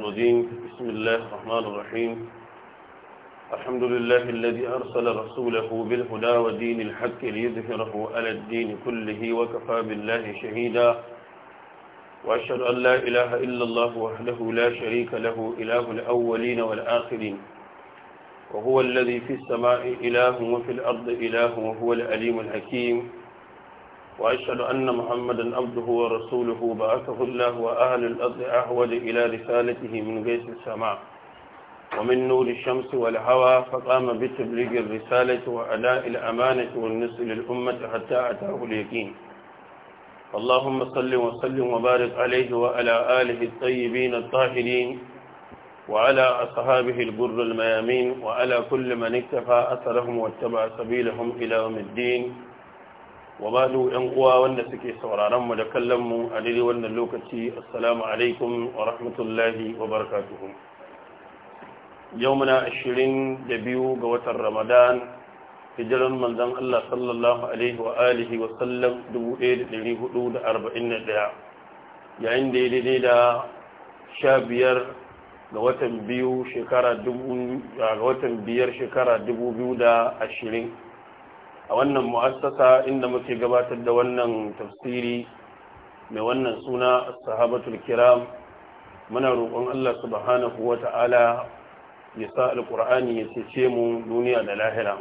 الرجيم بسم الله الرحمن الرحيم الحمد لله الذي أرسل رسوله بالهدى ودين الحق ليظهره على الدين كله وكفى بالله شهيدا وأشهد أن لا إله إلا الله وحده لا شريك له إله الأولين والآخرين وهو الذي في السماء إله وفي الأرض إله وهو الأليم الحكيم وأشهد أن محمدا عبده ورسوله بعثه الله وأهل الأرض أحول إلى رسالته من قيس السماء ومن نور الشمس والهوى فقام بتبليغ الرسالة وأداء الأمانة والنصر للأمة حتى أتاه اليقين اللهم صل وسلم وبارك عليه وعلى آله الطيبين الطاهرين وعلى أصحابه البر الميامين وعلى كل من اكتفى أثرهم واتبع سبيلهم إلى يوم الدين wa ba balu yan uwa wanda suke sauraron mu da kallon mu a daidai wannan lokaci assalamu alaikum wa rahmatullahi wa barakatuhu yau muna biyu ga watan ramadan hijiran manzon Allah sallallahu alaihi wa alihi wa sallam 1441 yayin da ya daidai da 15 ga watan biyu shekara dubu ga watan biyar shekara dubu biyu da ashirin a wannan mu'assasa inda muke gabatar da wannan tafsiri mai wannan suna sahabatul kiram muna roƙon Allah subhanahu wata'ala ya sa alƙur'ani ya cece mu duniya da lahira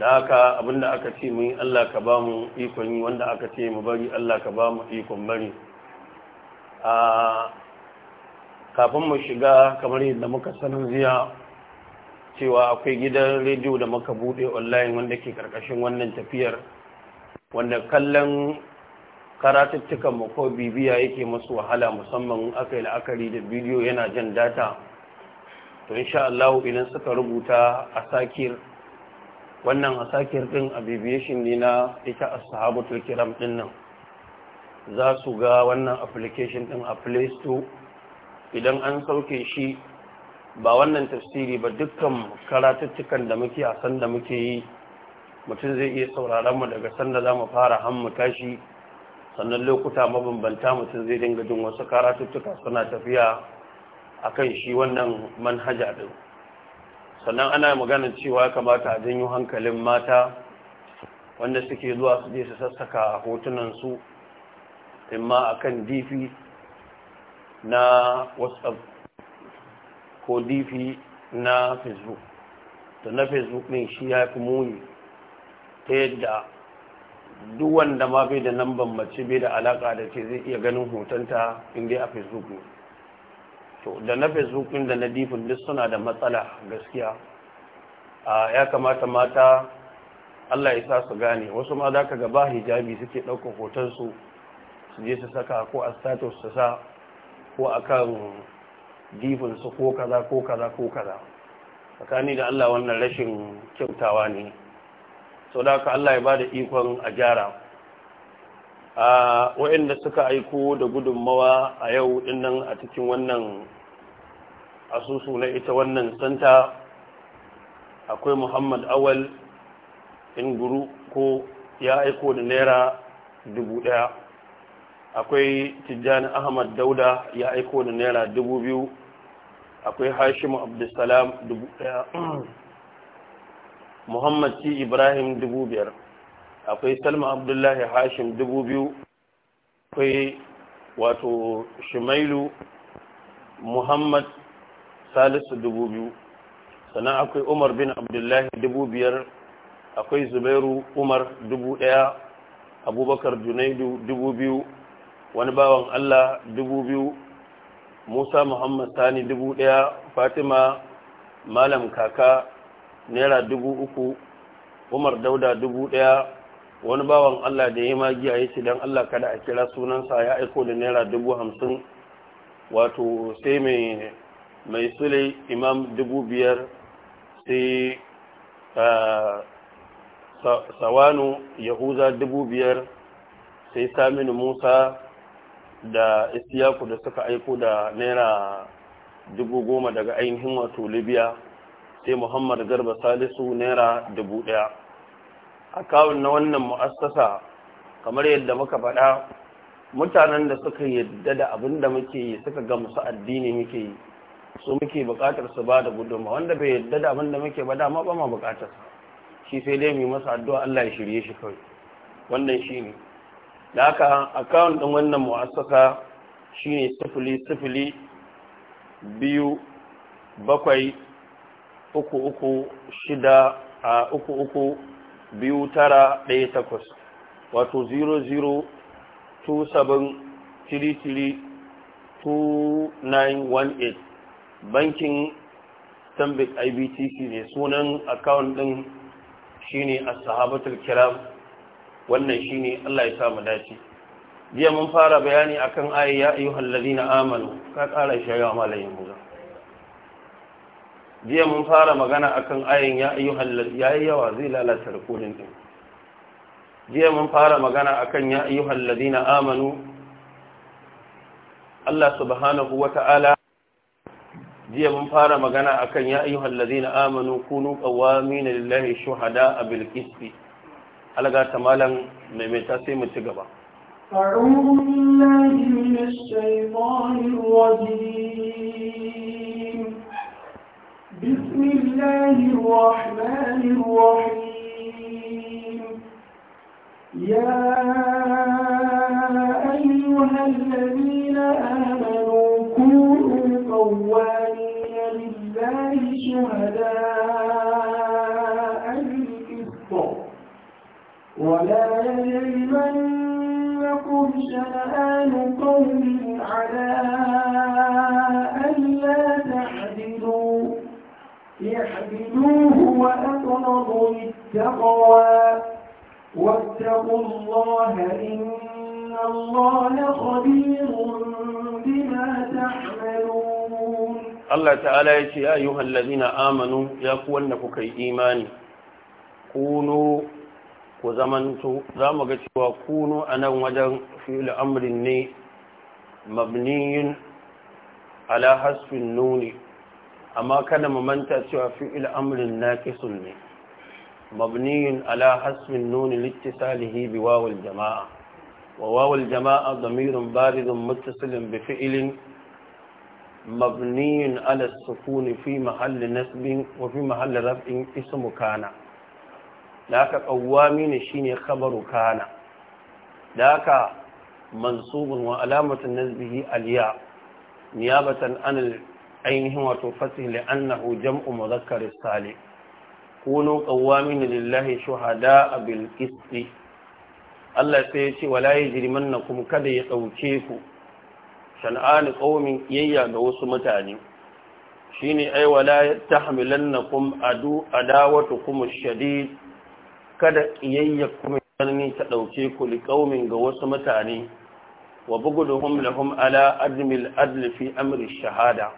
da haka abinda aka ce mu Allah ka ba mu ikon yi wanda aka ce mu bari Allah ka ba mu ikon bari a kafin mu shiga kamar yadda muka sanar ziya cewa akwai gidan rediyo da muka bude online wanda ke karkashin wannan tafiyar wanda kallon karatuttukan mu ko bibiya yake masu wahala musamman aka yi la'akari da bidiyo yana jan data to insha Allah idan suka rubuta a sakir wannan sakir din abbreviation ne na ita a kiram din za su ga wannan application din a Play Store idan an sauke shi ba wannan tafsiri ba dukkan karatuttukan da muke a san muke yi mutum zai iya sauraron mu daga sanda za mu fara hammu tashi sannan lokuta mabambanta mutum zai dinga jin wasu karatuttuka suna tafiya akan shi wannan manhaja din sannan ana maganar cewa ya kamata a janyo hankalin mata wanda suke zuwa su je su sassaka hotunan su imma akan difi na whatsapp ko difi na facebook to na facebook ɗin shi ya fi muni ta yadda duk wanda ma bai da namban mace bai da alaka da ce zai iya ganin hotonta inda a facebook ne to da na facebook ɗin da na difin duk suna da matsala gaskiya ya kamata mata allah ya sa su gane wasu ma za ka gaba hijabi suke ɗaukar hotonsu su je su saka ko a status su sa ko a kan jifinsu ko kaza ko kaza ko kaza tsakani da Allah wannan rashin kyautawa ne sau da aka Allah ya ba da ikon a gyara a waɗanda suka aiko da gudunmawa a yau dinnan a cikin wannan asusu na ita wannan santa akwai muhammad awal inguru ko ya aiko da naira dubu ɗaya akwai tijjani ahmad dauda ya aiko da naira dubu biyu akwai hashimu abdulsalam dubu daya muhammad ci ibrahim dubu biyar akwai salma abdullahi hashim dubu biyu akwai wato shimailu muhammad salisu dubu biyu sannan akwai umar bin abdullahi dubu biyar akwai zubairu umar dubu daya abubakar junaidu dubu biyu wani bawan Allah dubu biyu Musa Muhammad Sani dubu ɗaya Fatima Malam Kaka Naira dubu uku Umar Dauda dubu ɗaya wani bawan Allah da ya magiya ya ce don Allah kada a kira sunansa ya aiko da Naira dubu hamsin wato sai mai mai sule imam dubu biyar sai sawanu yahuza dubu biyar sai saminu musa da istiyaku da suka aiko da naira dubu goma daga ainihin wato libya sai muhammad garba salisu naira dubu daya kawun na wannan mu'assasa kamar yadda muka faɗa mutanen da suka yadda da abin da muke yi suka ga musu addini muke yi su muke buƙatar su ba da gudunma wanda bai yadda da abin da muke ba dama ba ma buƙatar shi sai dai mu masu addu'a Allah ya shirye shi kawai wannan ne. da aka akawun ɗin wannan mu'asaka shi ne sifili sifili biyu bakwai uku uku shida a uku uku biyu tara ɗaya takwas wato 0027332918 bankin stanbic ibtc ne sunan akawun ɗin shine a sahabatar kiram wannan shi ne, Allah ya sa mu dace jiya mun fara bayani akan ayi ya ayyuhal ladina amanu ka kara shayya malayin mu jiya mun fara magana akan ayin ya ayyuhal ladina yawa zai lalata rukunin din jiya mun fara magana akan ya ayyuhal ladina amanu Allah subhanahu wata'ala jiya mun fara magana akan ya ayyuhal ladina amanu kunu qawamin lillahi shuhada bil qisti alaga ta malam maimaita sai mu ci gaba أعوذ بالله من الشيطان الرجيم بسم الله الرحمن الرحيم يا أيها الذين آمنوا كونوا قوامين لله شهداء ولا يجرمنكم شنآن قوم على ألا تعدلوا اعدلوه وأقرب للتقوى واتقوا الله إن الله خبير بما تعملون الله تعالى يا أيها الذين آمنوا يا قوة كي إيماني كونوا ku zamantu za mu ga cewa kunu a nan wajen fi'il amrin ne mabniyin ala hasfin nuni amma kada mu manta cewa fi'il amrin na naqisun ne mabniyin ala hasfin nuni littisalihi bi wawul jama'a wa wawul jama'a damirun baridun muttasilin bi fi'ilin ala sukuni fi mahalli nasbin wa fi mahalli rafin ismu kana da aka kawwami ne shine khabaru kana da aka mansubun wa alamatun nasbihi aliya niyabatan an ainihin wato fasih li annahu jam'u mudhakkar salih kunu ne lillahi shuhada bil qist Allah sai ya ce wala yajrimannakum kada ya dauke ku shan'ani qaumin iyayya ga wasu mutane shine ai wala yatahmilannakum adu adawatukum ash-shadid kada ƙiyayya kuma sarni ta ɗauke ku liƙaumin ga wasu mutane wa da lahum ala azmil adl fi amri shahada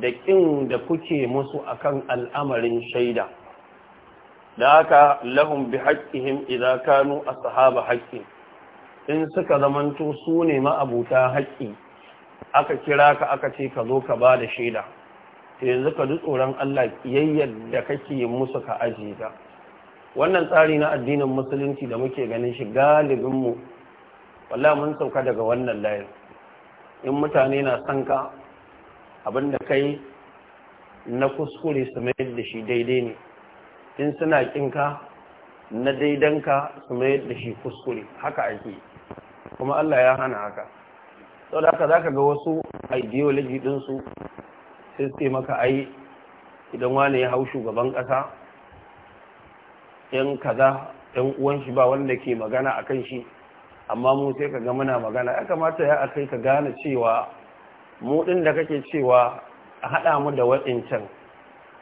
da ƙin da kuke musu a kan al'amarin shaida da haka lahum bi haqqihim idza kanu ashaba haqqi in suka zamanto su ne ma'abuta haƙƙi aka kira ka aka ce ka zo ka ba da shaida sai yanzu ka ji tsoron Allah kiyayyar da kake musu ka ajiye wannan tsari na addinin musulunci da muke ganin shi galibinmu walla mun sauka daga wannan layin in mutane na san ka abinda kai na kuskure su mayar da shi daidai ne in suna kinka na daidanka su mayar da shi kuskure haka ake kuma Allah ya hana haka sau da haka za ka ga wasu ideology ɗinsu sai su maka ai idan wane ya hau shugaban ƙasa yan kaza yan uwan shi ba wanda ke magana akan shi amma mu sai ka ga muna magana ya kamata ya akai ka gane cewa mu din da kake cewa a haɗa mu da waɗancan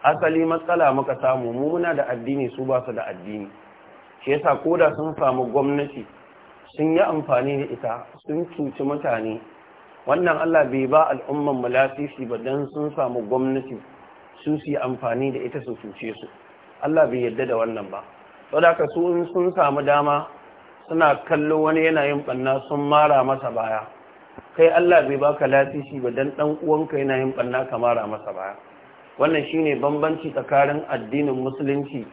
asali matsala muka samu mu muna da addini su ba su da addini shi yasa koda sun samu gwamnati sun yi amfani da ita sun cuci mutane wannan Allah bai ba al'umman mu lasisi ba dan sun samu gwamnati su su yi amfani da ita su cuce su Allah bai yarda da wannan ba saboda su in sun samu dama suna kallo wani yana yin banna sun mara masa baya kai Allah bai baka latishi ba dan dan uwanka yana yin banna ka mara masa baya wannan shine bambanci tsakanin addinin musulunci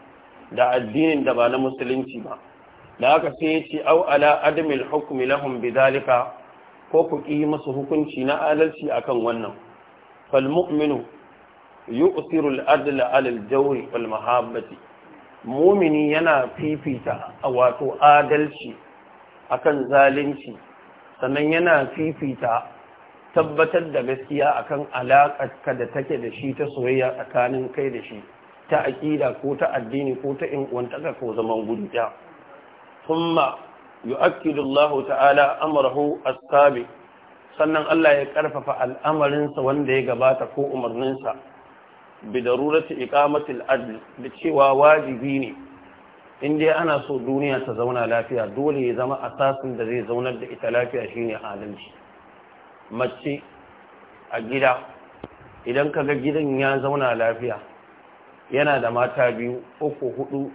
da addinin da ba na musulunci ba da haka sai au ala adamil hukmi lahum bidalika ko ku ƙi musu hukunci na adalci akan wannan fal mu'minu yu'thiru al-adla al-jawri wal mahabbati mumini yana fifita a wato adalci akan zalunci sannan yana fifita tabbatar da gaskiya akan alaƙarka da take da shi ta soyayya tsakanin kai da shi ta aƙida ko ta addini ko ta inwantaka ko zaman gudu ɗaya kuma yu'akkidu Allah ta'ala amrahu as-sabi sannan Allah ya ƙarfafa al'amarinsa wanda ya gabata ko umarninsa bi darurati adl da cewa wajibi ne in dai ana so duniya ta zauna lafiya dole ya zama asasin da zai zaunar da ita lafiya shine adalci mace a gida idan kaga gidan ya zauna lafiya yana da mata biyu uku hudu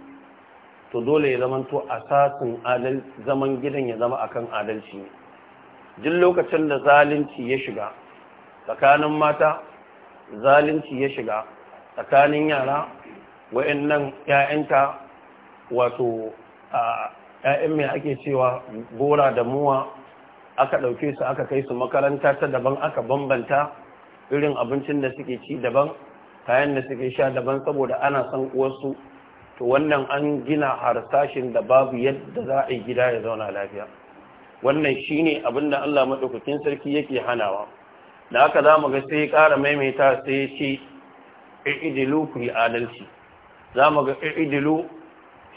to dole ya zama to asasin adal zaman gidan ya zama akan adalci duk lokacin da zalunci ya shiga tsakanin mata zalunci ya shiga tsakanin yara nan 'ya'yanta wato a ‘ya’yan mai ake cewa gora da muwa aka ɗauke su aka kai su makaranta ta daban aka bambanta irin abincin da suke ci daban kayan da suke sha daban saboda ana san wasu to wannan an gina harsashin da babu yadda za a yi gida ya zauna lafiya wannan shine abin da Allah maɗaukakin sarki yake hanawa da aka za mu ga sai ya ƙara maimaita sai ya ce idilu ku yi adalci za mu ga idilu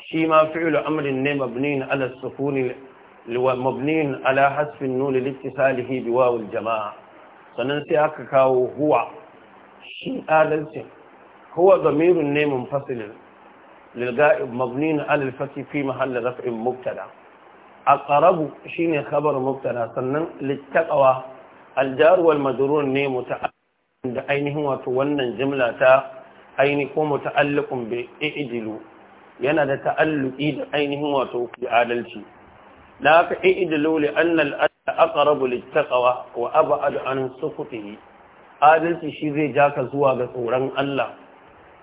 shi ma fi'ilu amrin ne mabnin ala sukuni mabnin ala hasfin nuni littisalihi biwawul jama'a sannan sai aka kawo huwa shi adalcin huwa zamirin ne mun munfasilin للغائب مبنين fi الفتح في muktada a مبتدا shi ne خبر muktada, sannan للتقوى aljar wal majrur ne muta'alliqun da ainihin wato wannan jimla ta aini ko muta'alliqun bi i'dilu yana da ta'alluqi da ainihin wato bi adalci la ka i'dilu li anna al aqrabu lit taqwa wa ab'ad an sukhtihi adalci shi zai ja ka zuwa ga tsoron Allah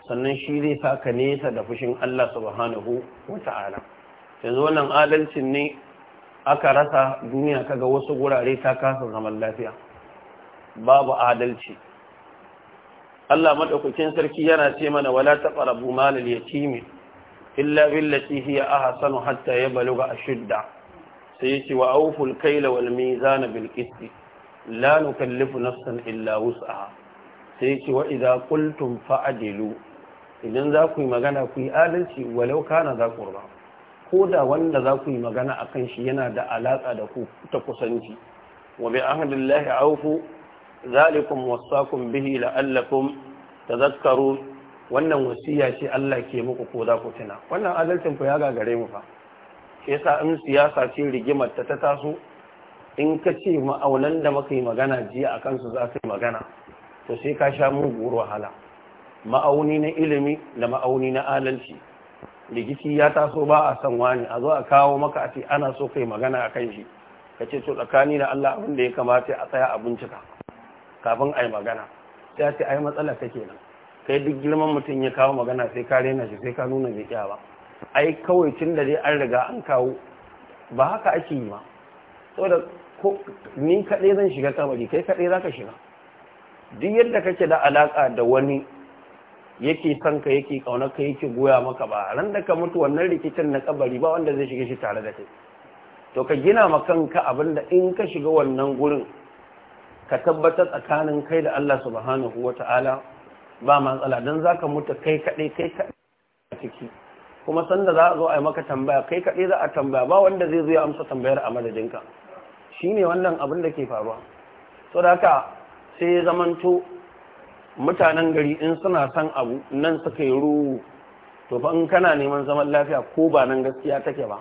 sannan shi zai sa ka nesa da fushin Allah subhanahu wa ta'ala yanzu wannan adalcin ne aka rasa duniya kaga wasu gurare ta kasa zaman lafiya babu adalci Allah madaukakin sarki yana ce mana wala taqrabu malal yatimi illa billati hiya ahsanu hatta yablugha ashudda sai yace wa awful kayla wal mizana bil qist la nukallifu nafsan illa wus'aha sai yace wa idza qultum fa'dilu idan za ku yi magana ku yi adalci walau kana za ku ko da wanda za ku yi magana a kan shi yana da alaƙa da ku ta kusanci wa bi ahadillahi aufu zalikum wasakum bihi la'allakum tazakkaru wannan wasiya shi Allah ke muku ko za ku tuna wannan adalcin ku ya gagare mu fa shi yasa in siyasa ce rigimar ta ta taso in ka ce ma'aunan da muka yi magana jiya a kansu za su yi magana to sai ka sha muguwar wahala ma'auni na ilimi da ma'auni na adalci rikici ya taso ba a san wani a zo a kawo maka a ce ana so kai magana a kan shi ka ce to tsakani da Allah abin da ya kamata a tsaya a bincika kafin a yi magana ce a ce ai matsala ta kenan kai duk girman mutum ya kawo magana sai ka rena shi sai ka nuna bai kya ba ai kawai tun da dai an riga an kawo ba haka ake yi ba. saboda ko ni kaɗai zan shiga kamari kai kaɗai za ka shiga duk yadda kake da alaƙa da wani yake son ka yake ƙaunar ka yake goya maka ba ran da ka mutu wannan rikicin na kabari ba wanda zai shiga shi tare da kai to ka gina ma kanka abinda in ka shiga wannan gurin ka tabbatar tsakanin kai da Allah subhanahu Ta'ala ba matsala don za ka mutu kai kaɗai kai kaɗai a ciki kuma sanda za a zo a yi maka tambaya kai kaɗai za a tambaya ba wanda zai zo ya amsa tambayar a madadinka shi ne wannan abin da ke faruwa so da haka sai ya zamanto mutanen gari in suna san abu nan suka yi ruru to fa in kana neman zaman lafiya ko ba nan gaskiya take ba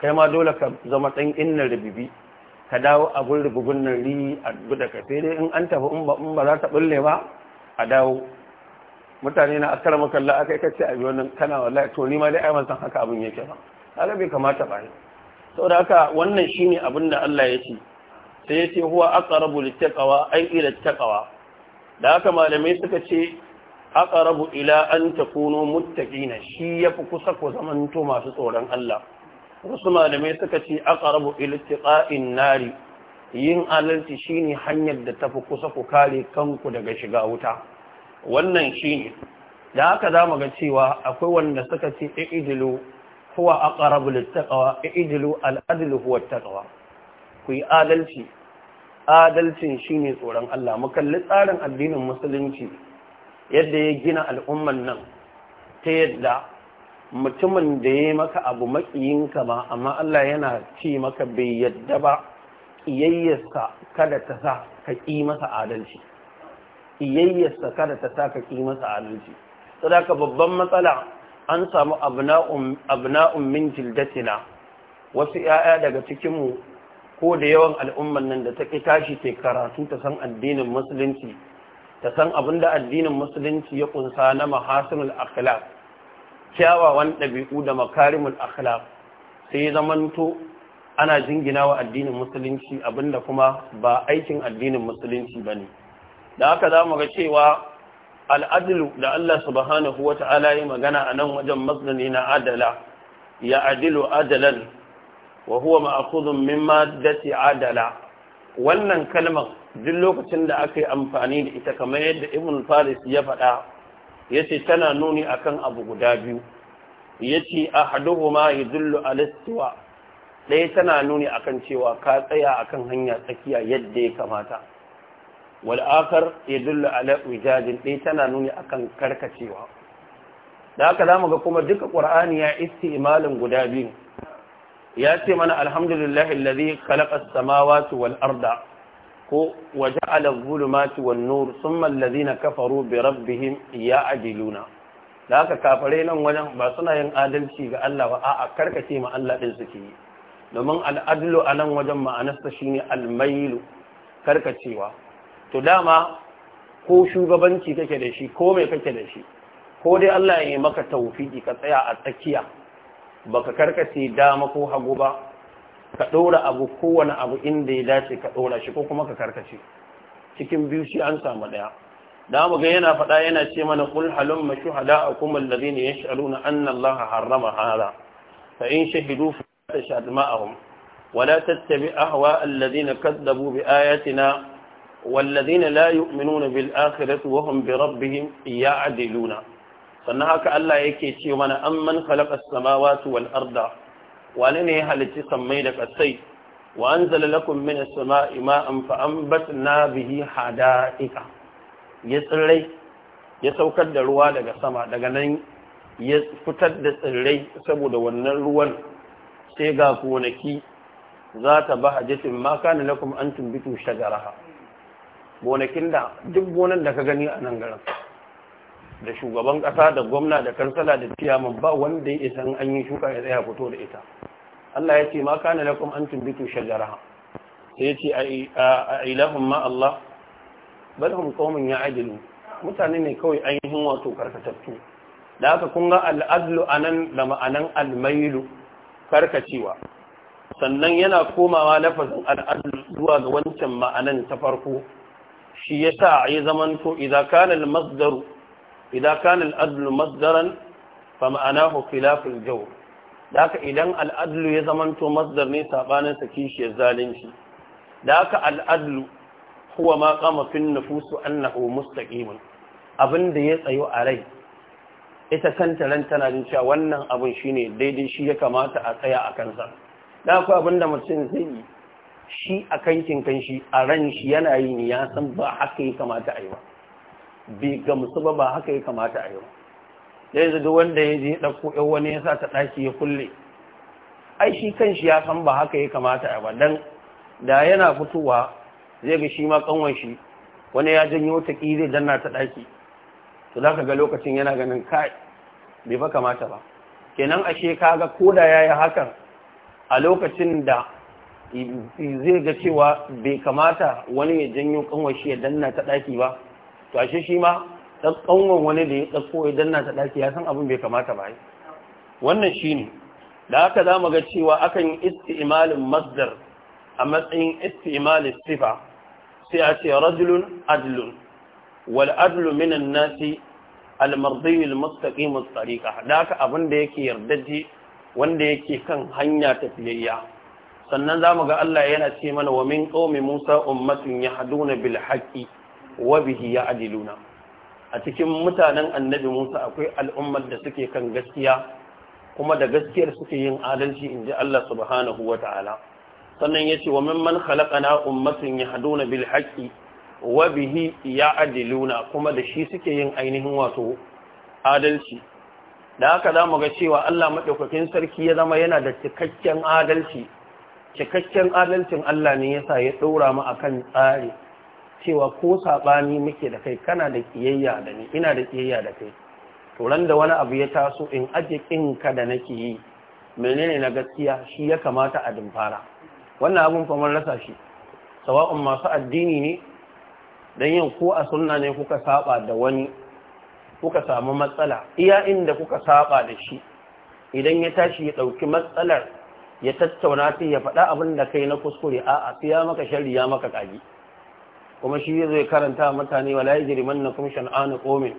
kai ma dole ka zama ɗan innar da bibi ka dawo a gurgugun nan ri a dubu ka sai dai in an tafi in ba za ta bulle ba a dawo mutane na akara makalla aka kace a nan. kana wallahi to ni ma dai ai san haka abin yake ba kaga bai kamata ba saboda haka wannan shine abin da Allah ya ce sai ya ce huwa aqrabu littaqwa ai ila taqwa da haka malamai suka ce aqrabu ila an takunu muttaqina shi ya fi kusa ko zamanto masu tsoron Allah wasu malamai suka ce aqrabu iltiqa'in nari yin adalci shine hanyar da tafi kusa ku kare kanku daga shiga wuta wannan shine da haka mu ga cewa akwai wanda suka ce ijilu huwa aqrabu littaqwa ijilu al-adlu huwa at-taqwa ku yi adalci adalcin shine tsoron Allah mu kalli tsarin addinin musulunci yadda ya gina al'umman nan ta yadda mutumin da ya yi maka abu maƙiyinka ba amma Allah yana ce maka bai yadda ba ƙiyayyarsa kada ta sa ka ƙi masa adalci ƙiyayyarsa kada ta sa ka ƙi masa adalci sadaka babban matsala an samu abna'un min jildatina wasu 'ya'ya daga cikinmu ko da yawan al'umman nan da ta ƙi tashi ke karatu ta san addinin musulunci ta san abin da addinin musulunci ya ƙunsa na mahasinul akhlaq kyawawan ɗabi'u da makarimul akhlaq sai zamanto ana jingina wa addinin musulunci abinda kuma ba aikin addinin musulunci ba ne. da haka mu ga cewa al'adilu da Allah subhanahu ta'ala yi magana a nan wajen masdani na adala ya adilu adalan wa huwa mimma min maddati adala wannan kalmar duk lokacin da aka yi amfani da ita kamar yadda Ibn Faris ya faɗa yace tana nuni akan abu guda biyu yace ahaduhuma yadullu ala istiwa ɗaya tana nuni akan cewa ka tsaya akan hanya tsakiya yadda ya kamata Wal'akar ya yadullu ala wijadin ɗaya tana nuni akan karkacewa da haka zamu ga kuma duka qur'ani ya istimalin guda biyu ya ce mana alhamdulillahi alladhi khalaqa as samawatu wal arda ko waje al-zulumati wan nur thumma alladhina kafaru bi rabbihim ya'diluna da haka kafare nan wajen ba suna yin adalci ga Allah ba a'a karkace ma Allah din suke yi domin al'adulu a nan wajen ma'anarsa shine al-mailu karkacewa to dama ko shugabanci kake da shi ko mai kake da shi ko dai Allah ya yi maka tawfiki ka tsaya a tsakiya baka karkace dama ko hagu ba ka ɗora abu kowane abu inda ya dace ka ɗora shi ko kuma ka karkace cikin biyu shi an samu ɗaya da mu ga yana faɗa yana ce mana kul halum ma a akum alladhina yash'aluna anna Allah harrama hada fa in shahidu fa tashhad ma'ahum wa la tattabi ahwa alladhina kadzabu bi ayatina والذين لا يؤمنون بالآخرة وهم بربهم يعدلون sannan haka Allah yake ce mana an man khalaqa samawati wal arda wani ne ya halarci sammai da kasai wa anzala lakum min as-sama'i an fa na bihi hada'ika ya tsirrai ya saukar da ruwa daga sama daga nan ya fitar da tsirrai saboda wannan ruwan sai ga gonaki za ta ba hajjatin ma kana lakum an tumbitu shajaraha gonakin da duk gonan da ka gani a nan garin da shugaban kasa da gwamna da kansala da ciyaman ba wanda ya isan an yi shuka ya tsaya fito da ita Allah ya ce ma kana lakum an tumbitu shajaraha sai ya ce a ilahun ma Allah bal hum qaumun ya'dilu mutane ne kawai ainihin wato karkatattu da haka kun ga a nan da ma'anan almailu karkacewa sannan yana komawa lafazin al'adlu zuwa ga wancan ma'anan ta farko shi ya sa idza kana al-masdaru idza kana al-adlu masdaran fa ma'anahu khilaful jawr da haka idan al'adlu ya zamanto masdar ne saɓanin sa kishiyar zalunci da haka al'adlu kuwa ma qama fi nufusu annahu mustaqimun abin da ya tsayo a rai ita kanta ran tana jin cewa wannan abin ne daidai shi ya kamata a tsaya a kansa da haka abin da mutum zai yi shi a kankin kanshi a ran shi yana yi ya san ba haka ya kamata a yi ba bai gamsu ba ba haka ya kamata a yi ba zai duk wanda ya je ɗauko ‘yan wani ya sa ta ɗaki ya kulle ai shi kan shi ya san ba haka ya kamata a badan da yana fitowa zai ga shi ma kanwan shi wani ya janyo ta ƙi zai danna ta ɗaki to za ka ga lokacin yana ganin kai bai fa kamata ba kenan ashe ka ga ko da ya yi hakan a lokacin da zai ga cewa bai kamata wani ya janyo kanwan shi ya danna ta ɗaki ba to ashe shi ma dan wani da ya dauko idan na ta daki ya san abin bai kamata ba wannan shine da haka zamu ga cewa akan isti'malin masdar a matsayin istimali sifa sai a ce rajulun adlun wal adlu min an-nasi al-mardi al-mustaqim da haka abin da yake yardaji wanda yake kan hanya tafiyayya sannan zamu ga Allah yana ce mana wa min qaumi Musa ummatun yahduna bil haqqi wa bihi ya'diluna a cikin mutanen annabi Musa akwai al'ummar da suke kan gaskiya kuma da gaskiyar suke yin adalci in ji Allah subhanahu wa ta'ala sannan ya ce wa mimman na ummatin yahduna bil haqqi wa bihi ya'diluna kuma da shi suke yin ainihin wato adalci da haka za mu ga cewa Allah maɗaukakin sarki ya zama yana da cikakken adalci cikakken adalcin Allah ne yasa ya ɗora mu akan tsari cewa ko saɓani muke da kai kana da ƙiyayya da ni ina da ƙiyayya da kai to ran da wani abu ya taso in ajiye aje ka da nake yi menene na gaskiya shi ya kamata a dimfara wannan abun famar rasa shi sawa'un masu addini ne dan yin ko a sunna ne kuka saba da wani kuka samu matsala iya inda kuka saɓa da shi idan ya tashi ya ɗauki matsalar ya tattauna ta ya faɗa abin da kai na kuskure a'a sai ya maka shariya maka kaji kuma shi ya zai karanta mutane wala na nakum shan'anu komin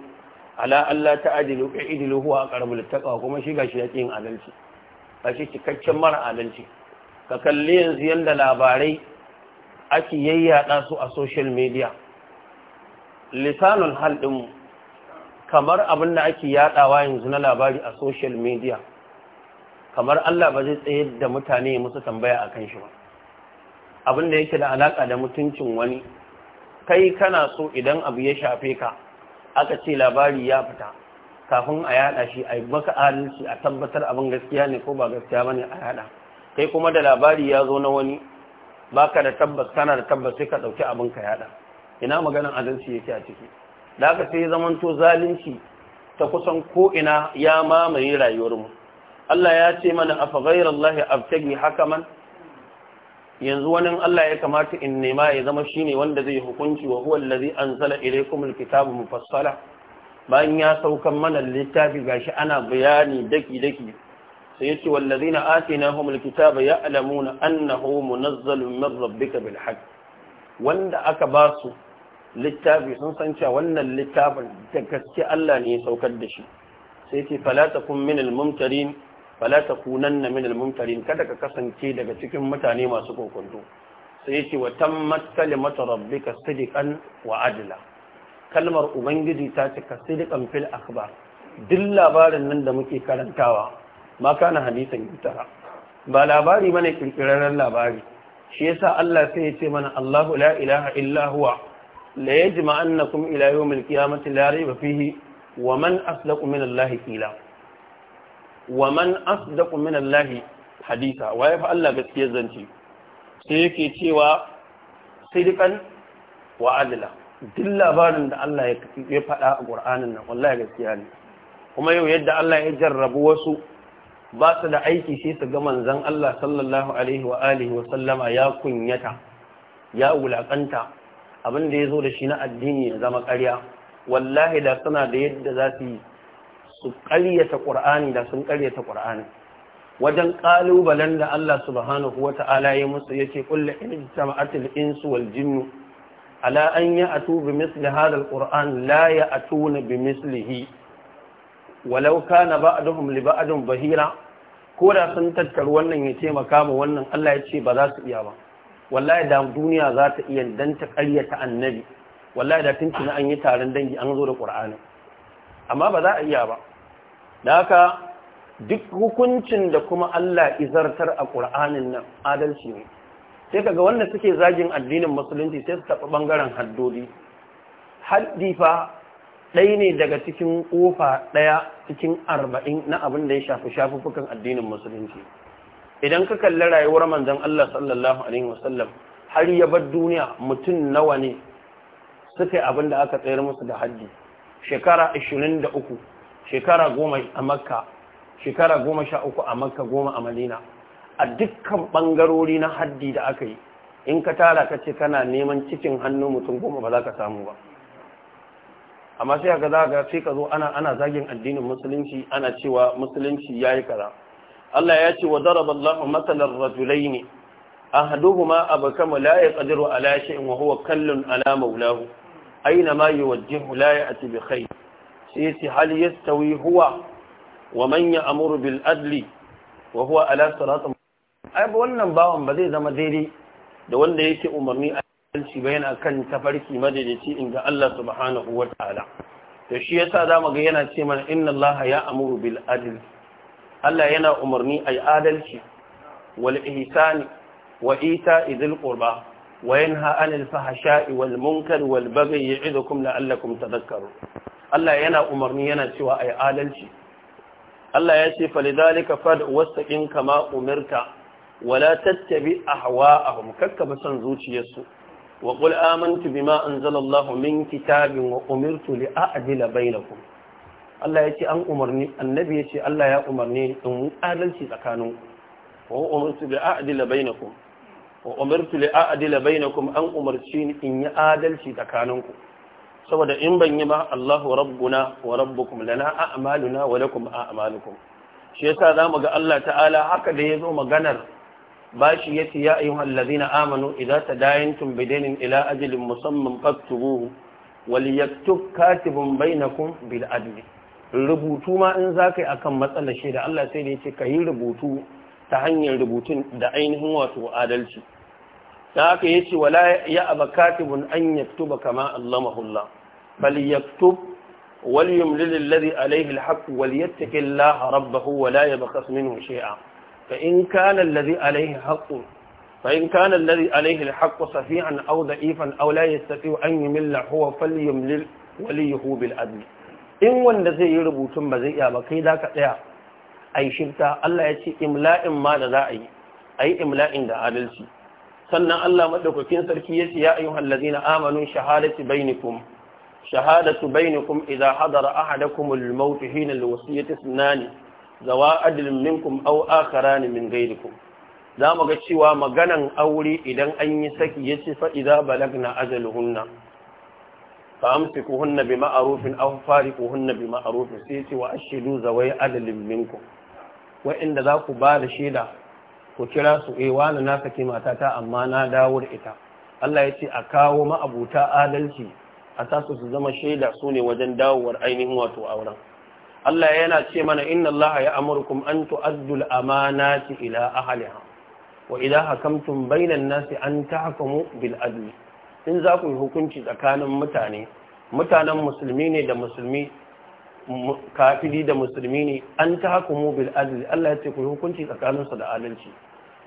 ala adilu ka i'dilu huwa aqrabu littaqwa kuma shi shi ya yin adalci shi cikakken mara adalci ka kalli yanzu yadda labarai ake yayyada su a social media Lisanun hal kamar abin da ake yadawa yanzu na labari a social media kamar Allah ba zai tsaye da mutane musu tambaya a kan shi ba abin da yake da alaka da mutuncin wani kai kana so idan abu ya shafe ka aka ce labari ya fita kafin a yada shi a maka adalci a tabbatar abin gaskiya ne ko ba gaskiya bane a yada kai kuma da labari ya zo na wani baka da tabbas kana da tabbas sai ka dauki abin ka yada ina maganar adalci yake a ciki da aka sai zamanto zalunci ta kusan ko ina ya mamaye rayuwar mu Allah ya ce mana afa ghayrallahi abtaghi hakaman yanzu wani Allah ya kamata in nema ya zama shine wanda zai hukunci wa huwa zala anzala kuma alkitaba mufassala bayan ya saukan mana littafi gashi ana bayani daki daki sai yace wallazina na alkitaba na annahu munazzalun min rabbika bilhaq wanda aka ba su littafi sun san cewa wannan littafin da gaske Allah ne ya saukar da shi sai falata kun takum minal mumtarin fala kunan min al-mumtarin kada ka kasance daga cikin mutane masu kokonto sai yace wa tammat mata rabbika ka wa adla kalmar ubangiji ta cika sidikan fil akhbar duk labarin nan da muke karantawa ma kana hadisan yutara ba labari mana kirkirarren labari shi yasa Allah sai ya ce mana Allahu la ilaha illa huwa la yajma'annakum ila yawmil qiyamati la rayba fihi wa man aslaqu min Allah qila wa man asdaqu min Allah hadisa waye fa Allah gaskiyar zance sai yake cewa sidikan wa adla duk labarin da Allah ya faɗa a Qur'anin nan wallahi gaskiya ne kuma yau yadda Allah ya jarrabu wasu ba su da aiki sai su ga manzon Allah sallallahu alaihi wa alihi wa sallama ya kunyata ya wulakanta abin da ya zo da shi na addini ya zama ƙarya wallahi da suna da yadda za su yi su ƙaryata ƙur'ani da sun ƙaryata ƙur'ani wajen ƙalubalen da Allah subhanahu wa ta'ala ya musu yace kulle in jama'atul insu wal jinnu ala an ya'tu bi misli hadha al qur'an la ya'tuna bi mislihi walau kana ba'duhum li ba'din bahira ko da sun tattaru wannan ya taimaka ma wannan Allah ya ce ba za su iya ba wallahi da duniya za ta iya dan ta ƙaryata annabi wallahi da tuntuna an yi taron dangi an zo da ƙur'ani amma ba za a iya ba da duk hukuncin da kuma Allah izartar a ƙur'anin nan adalci ne sai ga wanda suke zagin addinin musulunci sai su taɓa ɓangaren haddodi haddi fa ɗaya ne daga cikin ƙofa ɗaya cikin arba'in na abin da ya shafi shafuffukan addinin musulunci idan ka kalli rayuwar manzon Allah sallallahu alaihi wasallam har ya duniya mutum nawa ne suka yi abin da aka tsayar musu da haddi shekara 23 shekara goma a makka shekara goma sha uku a makka goma a madina a dukkan ɓangarori na haddi da aka yi in ka tara ka ce kana neman cikin hannun mutum goma ba za ka samu ba amma sai ka zaga sai ka zo ana ana zagin addinin musulunci ana cewa musulunci yayi kaza Allah ya ce wa daraballahu matalan rajulaini ahaduhuma abkam la yaqdiru ala shay'in wa huwa kallun ala mawlahu aina ma yuwajjihu la ya'ti bi khair sai yace hal yastawi huwa wa man ya'muru bil adli wa huwa ala siratin ai wannan bawan ba zai zama daidai da wanda yake umarni a adalci ba yana kan tafarki madaidaici inda Allah subhanahu wa ta'ala to shi yasa zamu ga yana ce mana inna Allah ya amuru bil adli Allah yana umarni ai adalci wal ihsani wa ita'i dhil qurba وينهى عن munkar wal والبغي يعظكم لعلكم تذكرون Allah yana umarni yana cewa a ai adalci Allah ya ce falidhalika fad wastaqin kama umarta. wala tattabi ahwa'ahum kakkaba son zuciyarsu wa qul an bima anzalallahu min kitabin wa umirtu li a'dila bainakum Allah ya ce an umarni annabi ya ce Allah ya umarni in adalci tsakanin wa umirtu li a'dila bainakum wa umirtu li a'dila bainakum an umarci in yi adalci tsakaninku saboda in ban yi ba Allahu rabbuna wa rabbukum lana a'maluna wa lakum a'malukum shi yasa zamu ga Allah ta'ala haka da yazo maganar bashi yace ya ayyuhal ladina amanu idza tadayantum bidainin ila ajalin musamman faktubuhu wal yaktub katibun bainakum bil adl rubutu ma in zakai akan matsalar shi da Allah sai da yace kai rubutu ta hanyar rubutun da ainihin wato adalci da haka ya ce wala ya aba katibun an yaktuba kama allamahullah bal yaktub wal yumlil alladhi alayhi alhaq wal yattaqi Allah rabbahu wala yabkhas minhu shay'a fa in kana alladhi alayhi haqq fa in kana alladhi alayhi alhaq safi'an aw da'ifan aw la yastati an yumilla huwa fal falyumlil waliyuhu bil adl in wanda zai yi rubutun ba zai iya ba kai zaka tsaya ai shirta Allah ya ce imla'in ma da za a yi ai imla'in da adalci sannan Allah madaukakin sarki yace ya ayyuhal allazina amanu shahadatu bainakum shahadatu bainakum idza hadara ahadakumul maut hina alwasiyati sunani zawa adlin minkum aw akharan min ghayrikum za mu ga cewa maganan aure idan an yi saki yace fa idza balagna ajaluhunna fa amsikuhunna bi ma'rufin aw fariquhunna bi ma'rufin sai ce wa ashidu zawai adlin minkum wa inda za ku ba da shaida ku kira su ewa eh, wani na saki matata amma na dawo da ita Allah ya ce a kawo ma'abuta adalci a tasu su zama shaida su ne wajen dawowar ainihin wato auren Allah yana ce mana inna Allah ya amurkum an tu'addul amanati ila ahliha wa idha hakamtum bainan nasi an tahkumu bil adli in za ku yi hukunci tsakanin mutane mutanen musulmi ne da musulmi kafiri da musulmi ne an ta hakumu bil adli Allah ya ce ku hukunci tsakaninsu da adalci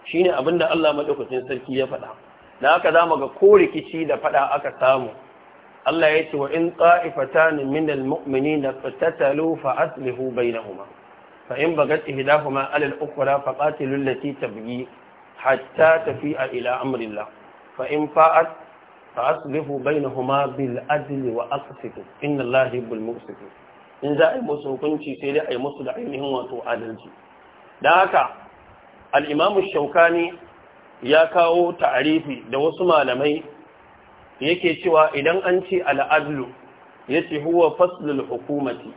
shine abinda Allah madaukakin sarki ya faɗa da haka zamu ga ko rikici da faɗa aka samu Allah ya ce wa in qa'ifatan min al mu'minina fatatalu fa aslihu bainahuma fa in bagat ihdahuma ala ukhra fa qatilu allati tabghi hatta tafi ila amrillah fa in fa'at fa aslihu bainahuma bil adli wa aqsitu inna Allaha yuhibbul muqsitin in za a yi musu hukunci sai dai a yi musu da ainihin wato adalci da haka al'imamu shaukani ya kawo ta'arifi da wasu malamai yake cewa idan an ce al'adlu ya ce huwa faslul hukumati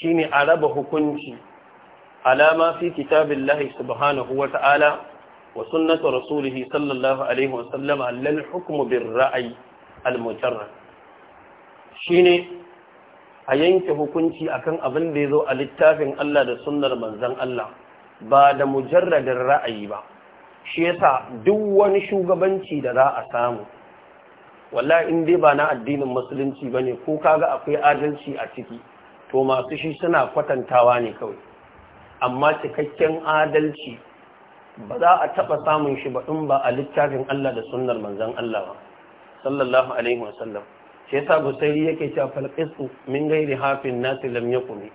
shi ne a raba hukunci alama fi kitabin lahi subhanahu wa ta'ala wa sunnata rasulihi sallallahu alaihi wasallama lal hukumu bin ra'ayi al-mujarrad shi ne a yanke hukunci akan abin da ya zo a littafin Allah da sunnar manzan Allah ba da mujarradin ra'ayi ba shi yasa duk wani shugabanci da za a samu wallahi in dai ba na addinin musulunci ne ko kaga akwai adalci a ciki to masu shi suna kwatantawa ne kawai amma cikakken adalci ba za a taɓa samun shi ba in ba a littafin Allah da sunnar manzan Allah ba sallallahu alaihi wasallam shi yasa busairi yake cewa falqisu min ghairi hafin nasi lam yakun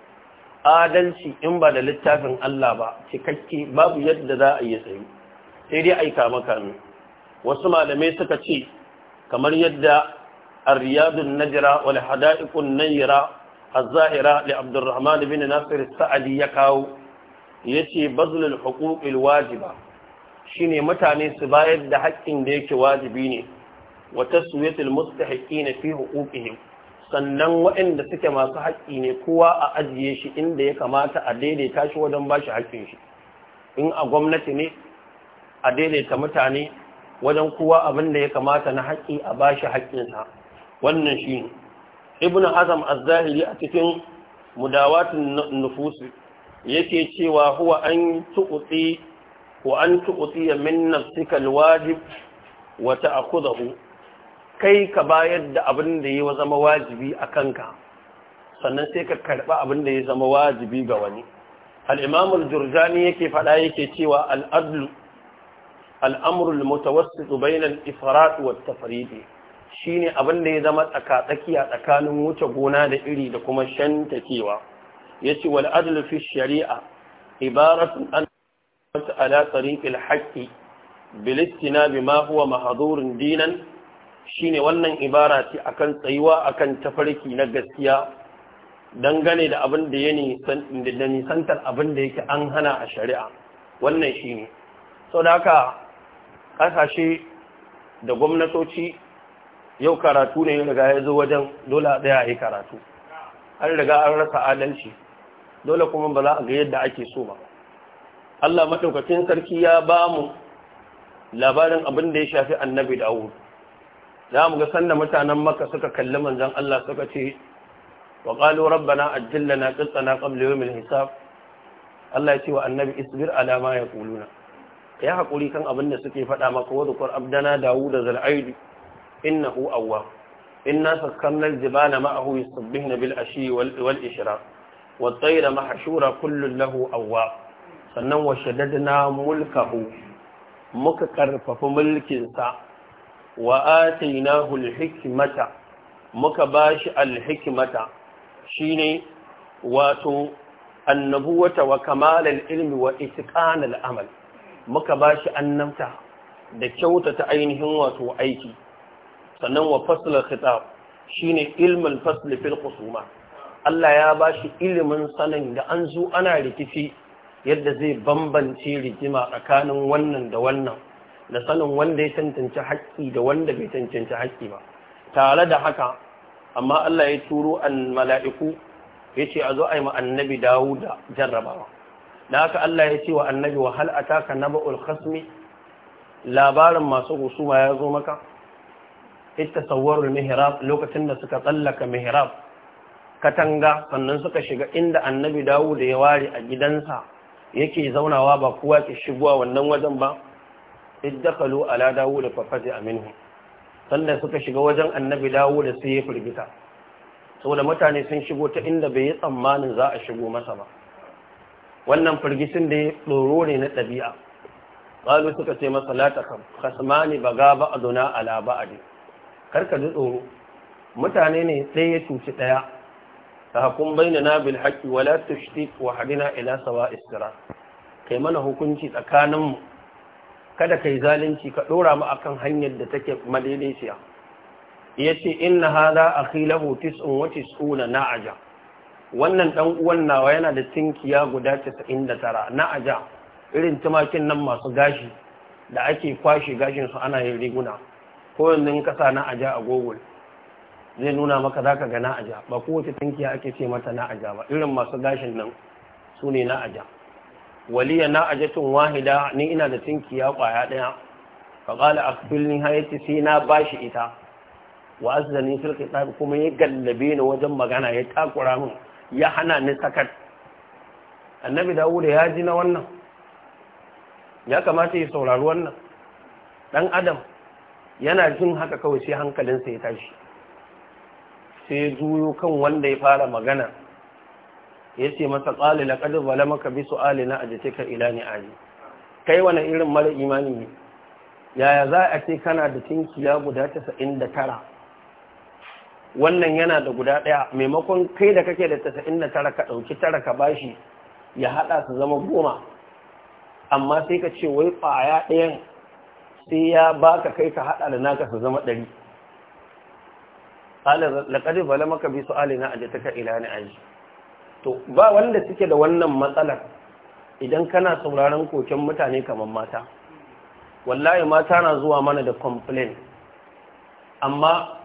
adalci in ba da littafin Allah ba cikakke babu yadda za a yi tsayi sai dai aika maka ne wasu malamai suka ce kamar yadda ar-riyadun najra wal hada'iqun nayra az-zahira li abdurrahman bin nasir as-sa'di ya kawo yace bazlul huquqil wajiba shine mutane su bayar da haƙƙin da yake wajibi ne wa taswiyatul mustahiqina fi huquqihim sannan waɗanda suke masu haƙƙi ne kowa a ajiye shi inda ya kamata a daidaita shi wajen ba shi haƙƙin shi in a gwamnati ne a daidaita mutane wajen kowa abin da ya kamata na haƙƙi a ba bashi haƙƙinsa wannan shi ne. ibnu azam az-zahiri a cikin mudawatun nufus yake cewa huwa an tuqti wa an tuqti min nafsika al-wajib wa ta'khudhu kai ka bayar da abin da ya zama wajibi a kanka sannan sai ka karɓa abin da ya zama wajibi ga wani al'imamul jurjani yake faɗa yake cewa al'adlu al'amurul mutawassitu bainal ifrat wa tafridi shine abin da ya zama tsakatsaki a tsakanin wuce gona da iri da kuma shantakewa yace ce adlu fi shari'a ibaratun an ala tariqil haqqi bil istinab ma huwa mahadurin dinan shine wannan ibara ce akan tsayuwa akan tafarki na gaskiya dangane da abin da ya nisantar abin da yake an hana a shari'a wannan shi ne sau da haka ƙasashe da gwamnatoci yau karatu ne riga ya zo wajen dole a tsaya yi karatu an riga an rasa adalci dole kuma ba za a ga yadda ake so ba Allah maɗaukacin sarki ya ba mu labarin abin da ya shafi annabi da za mu ga sanda mutanen maka suka kalli manzon Allah suka ce wa qalu rabbana ajjil na qitana qabla yawmil hisab Allah ya ce wa annabi isbir ala ma yaquluna ya hakuri kan abin da suke faɗa maka wa zukur abdana dawud zal aidi innahu awwab inna sakkarna aljibala ma'ahu yusabbihna bil ashi wal ishraq wat tayra mahshura kullun lahu awwab sannan wa shaddadna mulkahu muka karfafa mulkin sa wa atainahu al-hikmata muka bashi al shine wato annabuwata wa kamalan ilmi wa itqanal amal muka bashi annabta da kyautata ainihin wato aiki sannan wa fasl al shine ilmin fasl fil qusuma Allah ya bashi ilimin sanin da an zo ana rikici yadda zai bambance rigima tsakanin wannan da wannan da sanin wanda ya tantance haƙƙi da wanda bai tantance haƙƙi ba tare da haka amma Allah ya turo an mala'iku ya ce a zo a yi annabi Dawuda jarrabawa da haka Allah ya ce wa annabi wa hal ataka naba'ul khasmi labarin masu husuma ya zo maka ita tsawarul mihrab lokacin da suka tsallaka mihrab katanga sannan suka shiga inda annabi Dawuda ya ware a gidansa yake zaunawa ba kowa ke shigowa wannan wajen ba iddakalu ala dawud da fafazi aminu sannan suka shiga wajen annabi dawud sai ya firgita saboda mutane sun shigo ta inda bai yi tsammanin za a shigo masa ba wannan firgitin da ya tsoro ne na ɗabi'a qalu suka ce masa la takam ba baga ba ala ba Kar karka ji tsoro mutane ne sai ya cuci ɗaya tahkum bainana bil haqqi wala tushtik wahdina ila sawa sirat kai mana hukunci tsakaninmu kada ka yi zalunci ka dora mu akan hanyar da take madaidaiciya yace inna hada akhi lahu tis'un wa tis'una na'aja wannan dan uwan nawa yana da tinkiya guda 99 na'aja irin tumakin nan masu gashi da ake kwashe gashin su ana yin riguna ko yanzu kasa na na'aja a Gogol zai nuna maka zaka ga na'aja ba kowace tinkiya ake ce mata na'aja ba irin masu gashin nan su ne na'aja waliya na ajatun wahida ni ina da tinkiya kwaya daya fa qala aqbilni hayati sai na bashi ita wa azdani fil qitab kuma ya gallabe ni wajen magana ya takura min ya hana ni sakat annabi dawud ya ji na wannan ya kamata ya saurari wannan dan adam yana jin haka kawai sai hankalinsa ya tashi sai juyo kan wanda ya fara magana yace masa qala laqad zalamaka bi su'alina ajtika ila ni'ali kai wani irin mara imani ne yaya za a ce kana da tinkiya guda 99 wannan yana da guda daya maimakon kai da kake da 99 ka dauki tara ka bashi ya hada su zama goma amma sai ka ce wai kwaya ɗayan sai ya baka kai ka hada da naka su zama ɗari. qala laqad zalamaka bi su'alina ka ila ni'ali to ba wanda suke da wannan matsalar idan kana sauraron koken mutane kamar mata wallahi mata na zuwa mana da complain amma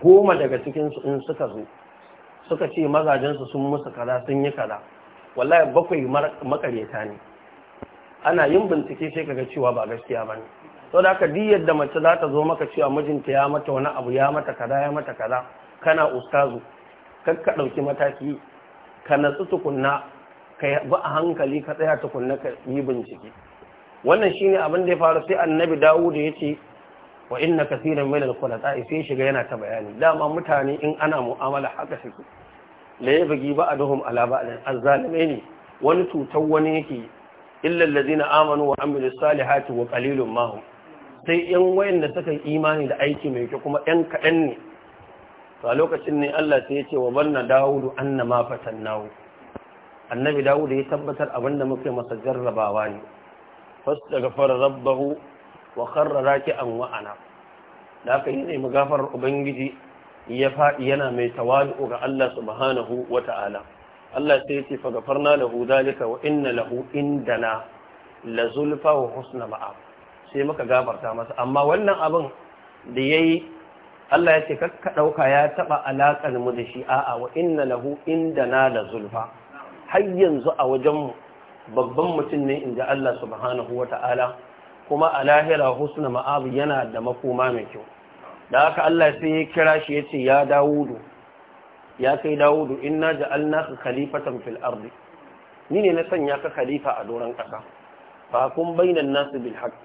goma daga cikinsu in suka zo suka ce mazajensu sun musu kaza sun yi kaza wallahi bakwai makareta ne ana yin bincike sai kaga cewa ba gaskiya bane to da haka duk yadda mace za ta zo maka cewa mijinta ya mata wani abu ya mata kaza ya mata kaza kana ustazu kakka dauki mataki ka natsu tukunna ka bi a hankali ka tsaya tukunna ka yi bincike wannan shine abin da ya faru sai annabi dawud ya ce wa inna kaseeran min al-khulata sai shiga yana ta bayani dama mutane in ana mu'amala haka suke la yabghi ba'dhum ala ba'd az-zalime ne wani tutar wani yake illa alladhina amanu wa amilus salihati wa qalilum ma sai yan wayanda suka yi imani da aiki mai kyau kuma yan kaɗan ne to a lokacin ne Allah sai ya ce wa banna dawudu annama fatannahu annabi dawudu ya tabbatar abinda muke masa jarrabawa ne fastaghfara rabbahu wa kharra raki'an wa ana da aka yi ne magafar ubangiji ya faɗi yana mai tawadu ga Allah subhanahu wa ta'ala Allah sai ya ce fa gafarna lahu zalika wa inna lahu indana la zulfa wa husna ma'a sai muka gafarta masa amma wannan abin da yayi Allah ya ce kakka ɗauka ya taɓa alaƙar mu da shi a'a wa inna lahu inda na da zulfa har yanzu a wajenmu babban mutum ne inda Allah subhanahu wa ta'ala kuma a lahira husna ma'abu yana da makoma mai kyau da haka Allah sai ya kira shi ya ce ya dawudu ya kai dawudu inna ja'alna ka khalifatan fil ardi ni ne na sanya ka khalifa a doron ƙasa Ba kun bainan nasu bil haqq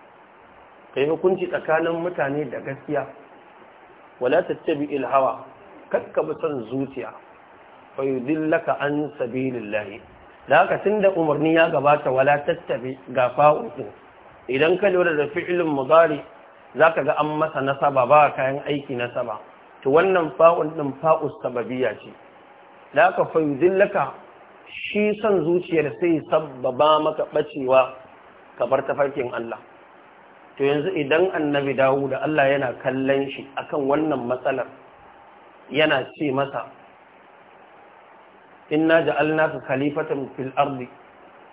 kai hukunci tsakanin mutane da gaskiya wala tattabi ilhawa kakka bi son zuciya fa yudillaka an sabilillahi da haka tunda umarni ya gabata wala tattabi ga fa'u idan ka lura da fi'ilin mudari zaka ga an masa nasaba ba kayan aiki nasaba to wannan fa'un din fa'u sababiyya ce da haka fa yudillaka shi son zuciyar sai sabbaba maka bacewa kabar tafarkin Allah to yanzu idan annabi Dawu da Allah yana kallon shi akan wannan matsalar yana ce masa inna ja'alna ka khalifatan fil ardi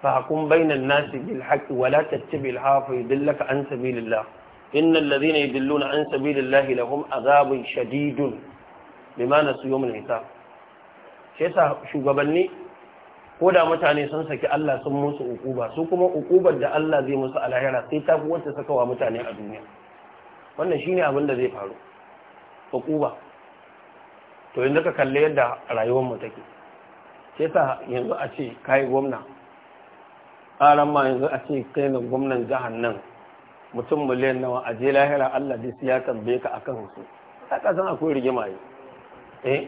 fahkum bainan nasi bil haqqi wa la tattabi'il hawa yudillaka an da innal ladhina yudilluna an sabilillah lahum adhabun shadidun bima nasu yawm al hisab shi yasa shugabanni ko da mutane sun saki Allah sun musu ukuba su kuma ukubar da Allah zai musu a alahira sai ta wacce sakawa mutane a duniya wannan shine abin da zai faru ukuba to yanzu ka kalle yadda rayuwar mu take sai ta yanzu a ce kai gwamna aran ma yanzu a ce kai ne gwamnan jihar nan mutum miliyan nawa a je lahira Allah dai ya tambaye ka akan su haka san akwai rigima eh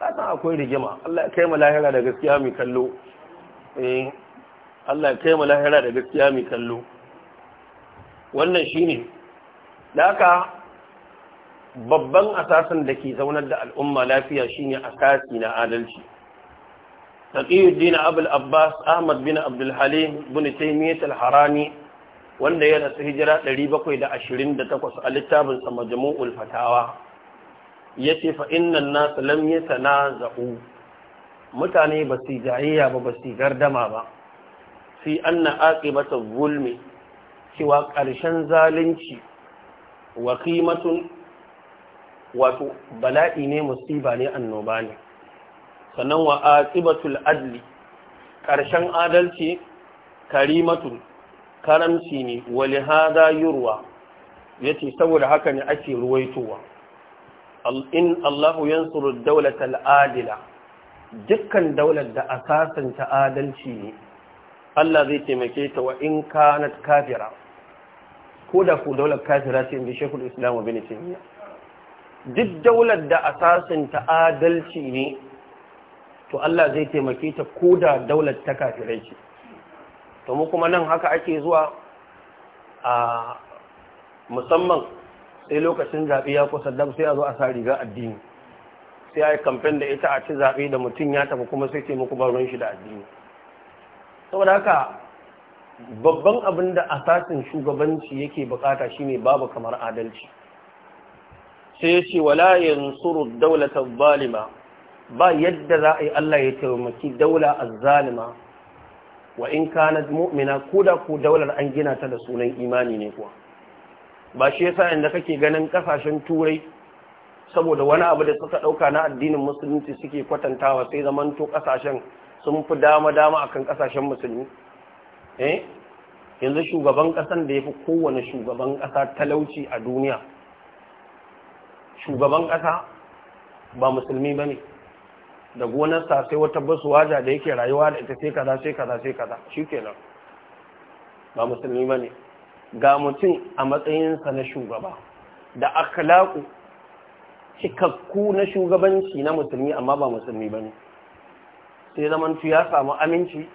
akwai rigima Allah ya kai lahira da gaskiya mai kallo eh Allah ya kai malahira da gaskiya mai kallo wannan shine da haka babban asasin da ke zaunar da al'umma lafiya shine asasi na adalci taqiyuddin abul abbas ahmad bin abdul halim bin taymiyyah al-harani wanda ya rasu hijira 728 a littafin sa majmu'ul fatawa yace fa innan nas lam yatanaza'u mutane ba su jayayya ba ba su gardama ba fi anna mata zulmi cewa ƙarshen zalunci wa wato bala'i ne musiba ne annoba ne sannan wa aqibatul adli ƙarshen adalci karimatun karamci ne yi ruwa? Ya yace saboda haka ne ake ruwaitowa in Allahu yansuru daulatal adila dukkan daular da asasin ta adalci ne Allah zai taimake ta wa in kanat kafira ko da ku daular kafira ce bi shekul islamu bin taymiya duk daular da asasin ta adalci ne to Allah zai taimake ta ko da daular ta kafirai ce to mu kuma nan haka ake zuwa a musamman sai lokacin zaɓe ya kusa dam sai a zo a sa riga addini sai a yi kamfen da ita a ci zaɓe da mutum ya tafi kuma sai ce muku shi da addini saboda haka babban abin da asasin shugabanci yake bukata shine babu kamar adalci sai ya ce wala yansuru daulata zalima ba yadda za a yi Allah ya taimaki daula azzalima wa in kana mu'mina koda ko daular an gina ta da sunan imani ne kuwa ba shi yasa inda kake ganin kasashen turai saboda wani abu da suka dauka na addinin musulunci suke kwatantawa sai zaman to kasashen sun fi dama dama akan kasashen musulmi eh yanzu shugaban kasan da yafi kowane shugaban kasa talauci a duniya shugaban kasa ba musulmi bane da gonar sa sai wata basuwaja da yake rayuwa da ita sai kaza sai kaza sai kaza shikenan ba musulmi bane ga mutum a matsayinsa na shugaba da akalaku cikakku na shugabanci na musulmi amma ba musulmi ba ne. sai zamantu ya samu aminci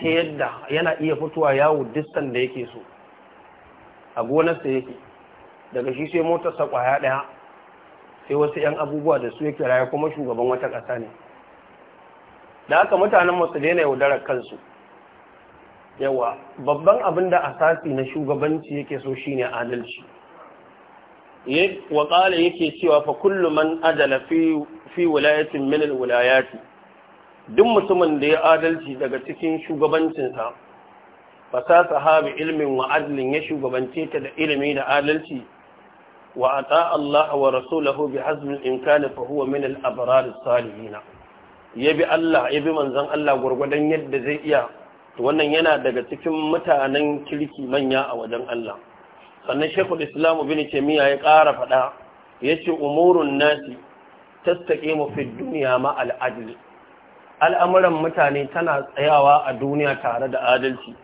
ta yadda yana iya fitowa yawo distan da yake so a gonarsa yake daga shi sai motarsa kwaya daya sai wasu 'yan abubuwa da su yake raya kuma shugaban wata ƙasa ne da haka mutanen masu daina yaudarar kansu yawa babban abin da asasi na shugabanci yake so shine adalci wa ƙala yake cewa fa kullu man adala fi wulayatin minin min duk mutumin da ya adalci daga cikin shugabancinsa ba sa sahabi ilmin wa ya shugabance ta da ilimi da adalci wa Allah wa rasulahu bi hazmin imkani fa huwa min al-abrar as Ya bi Allah yabi manzon Allah gwargwadon yadda zai iya wannan yana daga cikin mutanen kirki manya a wajen Allah sannan shekul islam bin taymiya ya ƙara faɗa ya ce umurun nasi mu fi duniya ma al'adili al'amuran mutane tana tsayawa a duniya tare da adalci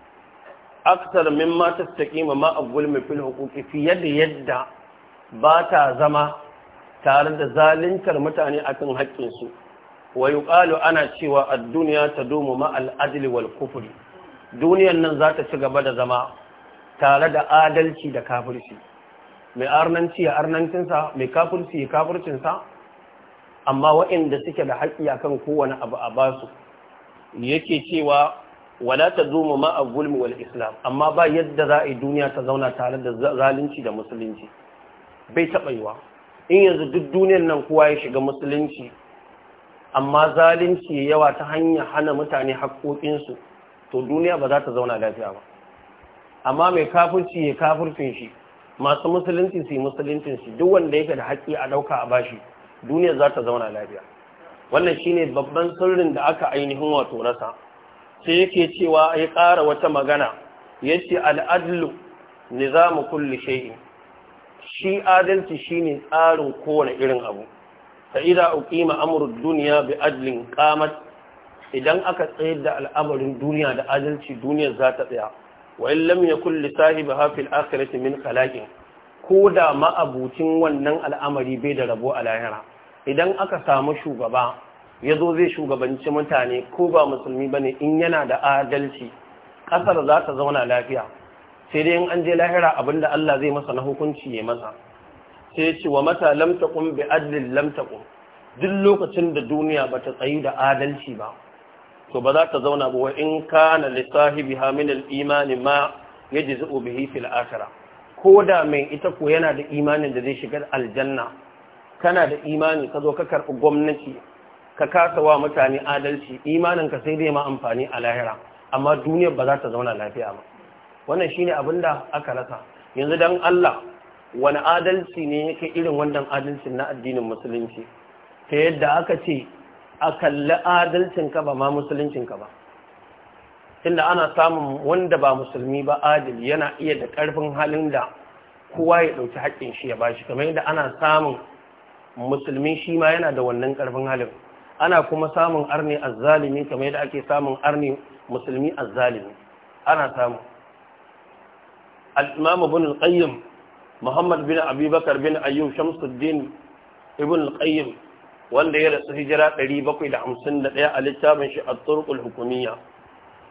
aksar mimma tastaqimu ma al-zulmi fil huquqi fi yadda yadda ba ta zama tare da zaluntar mutane akan haƙƙinsu wa yuqalu ana cewa ad ta tadumu ma al nan za ta ci gaba da zama tare da adalci da kafirci mai arnanci ya sa? mai kafirci ya sa? amma waɗanda suke da haƙƙi akan kowane abu a basu yake cewa wala ta ma a gulmi wal islam amma ba yadda za a yi duniya ta zauna tare da zalunci da musulunci bai taɓa in yanzu duk duniyar nan kowa ya shiga musulunci amma zalunci ya yawa ta hanyar hana mutane haƙoƙinsu to duniya ba za ta zauna lafiya ba amma mai kafirci ya kafircin shi masu musulunci su yi musuluncin shi duk wanda yake da haƙƙi a ɗauka a bashi duniya za ta zauna lafiya wannan shine babban sirrin da aka ainihin wato rasa sai yake cewa ya ƙara wata magana yace al'adlu nizamu kulli shay'in shi adalci shine tsarin kowane irin abu fa idza uqima amru dunya bi adlin qamat idan aka tsayar da al'amarin duniya da adalci duniyar za ta tsaya wa in lam yakul li sahibiha fil akhirati min ko da ma'abucin wannan al'amari bai da rabo a lahira idan aka samu shugaba ya zo zai shugabanci mutane ko ba musulmi ba ne in yana da adalci ƙasar za ta zauna lafiya sai dai in an je lahira abinda Allah zai masa na hukunci ya masa sai ya ce wa mata lam kun bi adlin lam kun duk lokacin da duniya ba ta tsayi da adalci ba to ba za ta zauna ba wa in kana li sahibiha min al imani ma yajzu bihi fil akhirah ko da mai ita ko yana da imanin da zai shiga aljanna kana da imani ka zo ka karɓi gwamnati ka kasa wa mutane adalci imanin ka sai dai ma amfani a lahira amma duniyar ba za ta zauna lafiya ba wannan shine abin da aka rasa yanzu dan Allah wani adalci ne yake irin wannan adalcin na addinin musulunci ta yadda aka ce a kalli adalcin ka ba ma musuluncin ba inda ana samun wanda ba musulmi ba adil yana iya da ƙarfin halin da kowa ya ɗauki haƙƙin shi ya bashi kamar yadda ana samun musulmi shi ma yana da wannan ƙarfin halin ana kuma samun arni azzalimi kamar yadda ake samun arni musulmi azzalimi ana samu al-imam ibn al-qayyim muhammad bin abubakar bin ayyub shamsuddin ibn al-qayyim wanda ya rasu hijira 751 a littafin shi at hukumiyya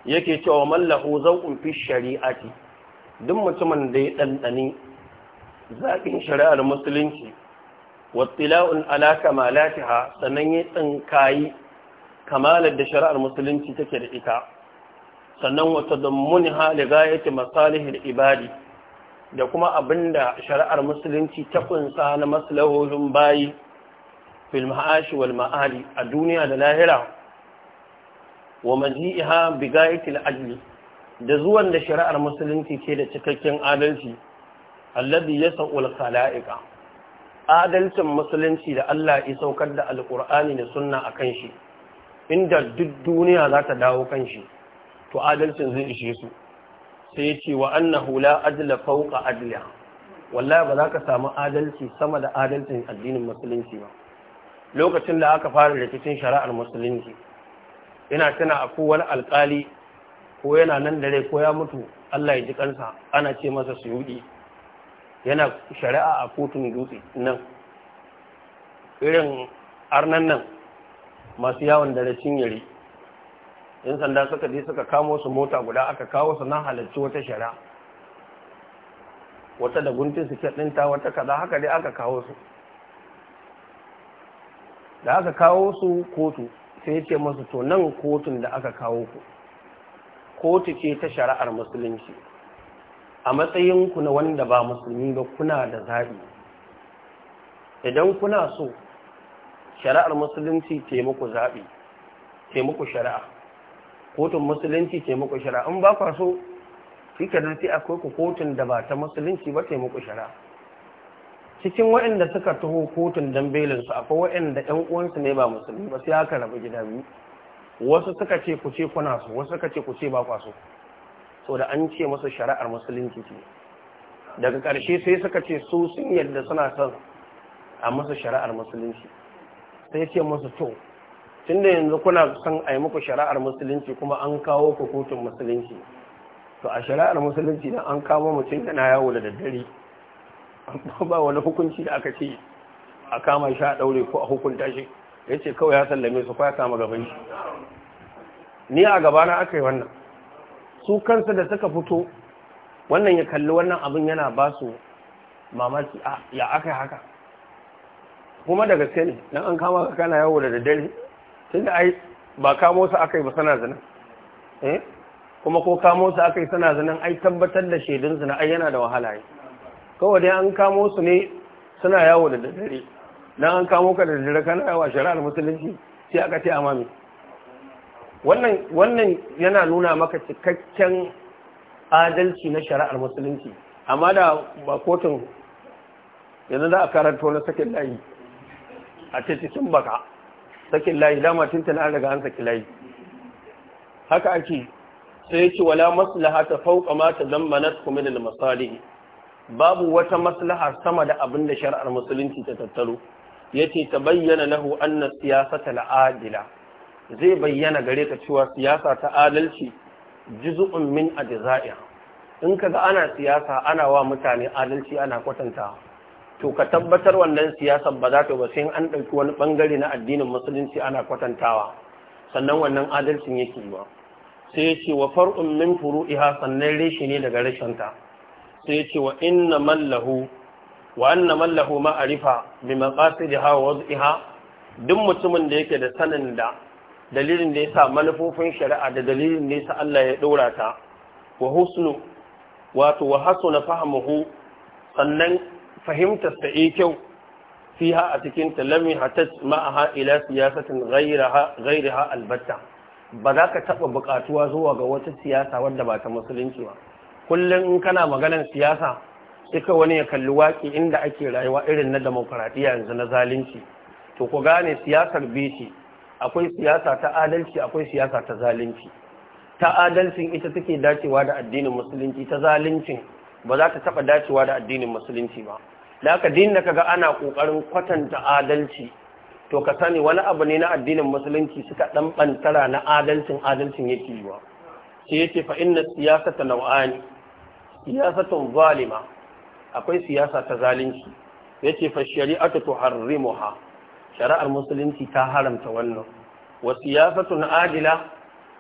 yake cewa mallahu zawqun fi shari'ati duk mutumin da ya dandani zaɓin shari'ar musulunci wattila'un ala kamalatiha sannan ya tsinkayi kamalar da shari'ar musulunci take da ita sannan wata dammuniha li gayati masalihil ibadi da kuma abinda shari'ar musulunci ta kunsa na maslahohin bayi fil ma'ashi wal ma'ali a duniya da lahira wa maji'iha bi gayatil ajli da zuwan da shari'ar musulunci ce da cikakken adalci alladhi yas'ul khalaiqa adalcin musulunci da Allah ya saukar da alkur'ani da sunna akan shi inda duk duniya za ta dawo kan shi to adalcin zai ishe su sai ya ce wa annahu la adla fauka adliya wallahi ba za ka samu adalci sama da adalcin addinin musulunci ba lokacin da aka fara rikicin shari'ar musulunci ina tana a kowane alkali ko yana nan da rai ko ya mutu Allah ya ji kansa ana ce masa suyudi yana shari'a a kotun dutse nan irin arnan nan masu yawon da rashin yare yan sanda suka je suka kamo su mota guda aka kawo su na halarci wata shari'a wata da guntun suke ɗinta wata kaza haka dai aka kawo su da aka kawo su kotu sai ya ce masu to nan kotun da aka kawo ku kotu ce ta shari'ar musulunci a matsayinku na wanda ba musulmi ba kuna da zaɓi idan kuna so shari'ar musulunci ce muku zaɓi ce muku shari'a kotun musulunci ce muku in ba kwaso so shike sai akwai ku kotun da ba ta musulunci ba ce muku cikin waɗanda suka taho kotun dan su akwai waɗanda ƴan uwansu ne ba musulmi ba sai aka rabu gida biyu wasu suka ce ku ce kuna so wasu suka ce ku ce ba kwaso so da an ce musu shari'ar musulunci ce daga ƙarshe sai suka ce su sun yadda suna son a musu shari'ar musulunci sai ce musu to tunda yanzu kuna son a yi muku shari'ar musulunci kuma an kawo ku kotun musulunci to a shari'ar musulunci don an kama mutum yana yawo da daddare ba wani hukunci da aka ce a kama shi a daure ko a hukunta shi ya ce kawai ya sallame su kwaya kama gaban shi ni a gabana aka yi wannan su kansu da suka fito wannan ya kalli wannan abin yana ba su mamaki ah, ya aka yi haka kuma daga gaske ne an kama ka kana yawo da daddare tun da ai ba kamo su aka yi ba sana zanen eh? kuma ko kamo su aka yi sana zanen ai tabbatar da shaidun zina ai yana da wahala yi kawai dai an kamo su ne suna yawo da daddare don an kamo ka da daddare kana yawa shari'ar musulunci sai aka ce amami wannan wannan yana nuna maka cikakken adalci na shari'ar musulunci amma da ba kotun yanzu za a karanto na sakin layi a cikin baka sakin layi dama tun tana an an saki layi haka ake sai ya ce wala maslaha ta fauka mata don zammanat kuma da masalihi babu wata maslaha sama da abin da shari'ar musulunci ta tattaro ce ta bayyana lahu anna siyasata la'adila zai bayyana gare ka cewa siyasa ta adalci jizu'un min ajza'iha in kaga ana siyasa ana wa mutane adalci ana kwatantawa. to ka tabbatar wannan siyasan ba za ta ba sai an ɗauki wani ɓangare na addinin musulunci ana kwatantawa sannan wannan adalcin yake ba sai ya ce wa far'un min furu'iha sannan reshe ne daga rashinta. sai ya ce wa inna mallahu wa anna mallahu ma'arifa bi maqasidiha wa wad'iha duk mutumin da yake da sanin da dalilin da yasa manufofin shari'a da dalilin da yasa Allah ya ɗaura ta wa husnu wato wa hasuna fahimuhu sannan fahimtar ta yi kyau ha a cikin ta lami hatat ma'aha ila siyasatin ha albatta ba za ka taɓa buƙatuwa zuwa ga wata siyasa wadda ba ta musulunci ba kullum in kana maganar siyasa duka wani ya kalli waƙi inda ake rayuwa irin na demokuraɗiyya yanzu na zalunci to ku gane siyasar bici akwai siyasa ta adalci akwai siyasa ta zalunci ta adalcin ita take dacewa da addinin musulunci ta zalunci, ba za ta taɓa dacewa da addinin musulunci ba da aka dinda kaga ana kokarin kwatanta adalci to ka sani wani abu ne na addinin musulunci suka dan bantara na adalcin adalcin yake yiwa sai yace fa inna siyasata nau'ani siyasatun zalima akwai siyasa ta zalunci yace fa shari'atu tuharrimuha shari'ar musulunci ta haramta wannan wa siyasatun adila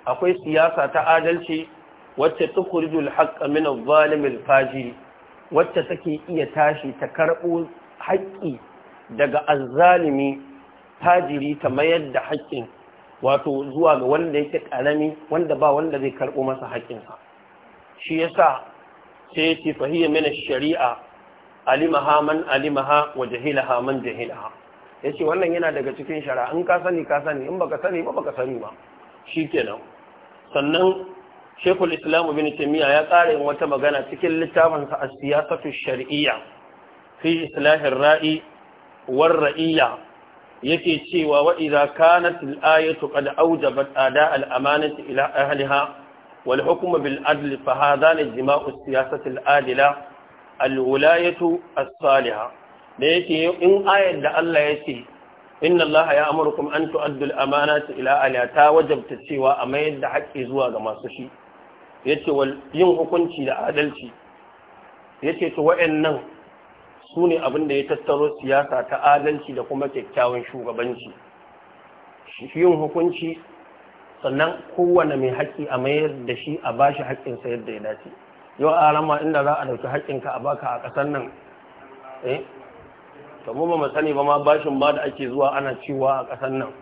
akwai siyasa ta adalci wacce tukhrijul haqqa min adh-dhalimi al-fajiri wacce take iya tashi ta karɓo haƙƙi daga azzalimi tajiri ta mayar da haƙƙin wato zuwa ga wanda yake ƙarami wanda ba wanda zai karɓo masa haƙƙinsa shi yasa sai ce fahiyya min shari'a alimaha man alimaha wa jahilaha man jahilaha yace wannan yana daga cikin shari'a in ka sani ka sani in baka sani ba baka sani ba shikenan sannan shekul islamu bin timiya ya ƙara yin wata magana cikin littafinsa a siyasatu shari'iyya fi islahin ra'i war ra'iyya yake cewa wa idza kanat al-ayatu qad awjabat ada al-amanati ila ahliha wal hukm bil adl fa hadhan ijma'u as-siyasati al-adila al-wilayatu as da yake in ayar da Allah yake inna Allah ya amurukum an tu'addu al-amanati ila ahliha ta wajabta cewa a mayar da haƙƙi zuwa ga masu shi yace wal yin hukunci da adalci yace to nan su ne abin da ya tattaro siyasa ta adalci da kuma kyakkyawan shugabanci yin hukunci sannan kowane mai haƙƙi a mayar da shi a ba shi haƙƙinsa yadda ya dace yau a rama inda za a ɗauki haƙƙinka a baka a ƙasar nan eh to mu ba mu sani ba ma bashin ba da ake zuwa ana cewa a ƙasar nan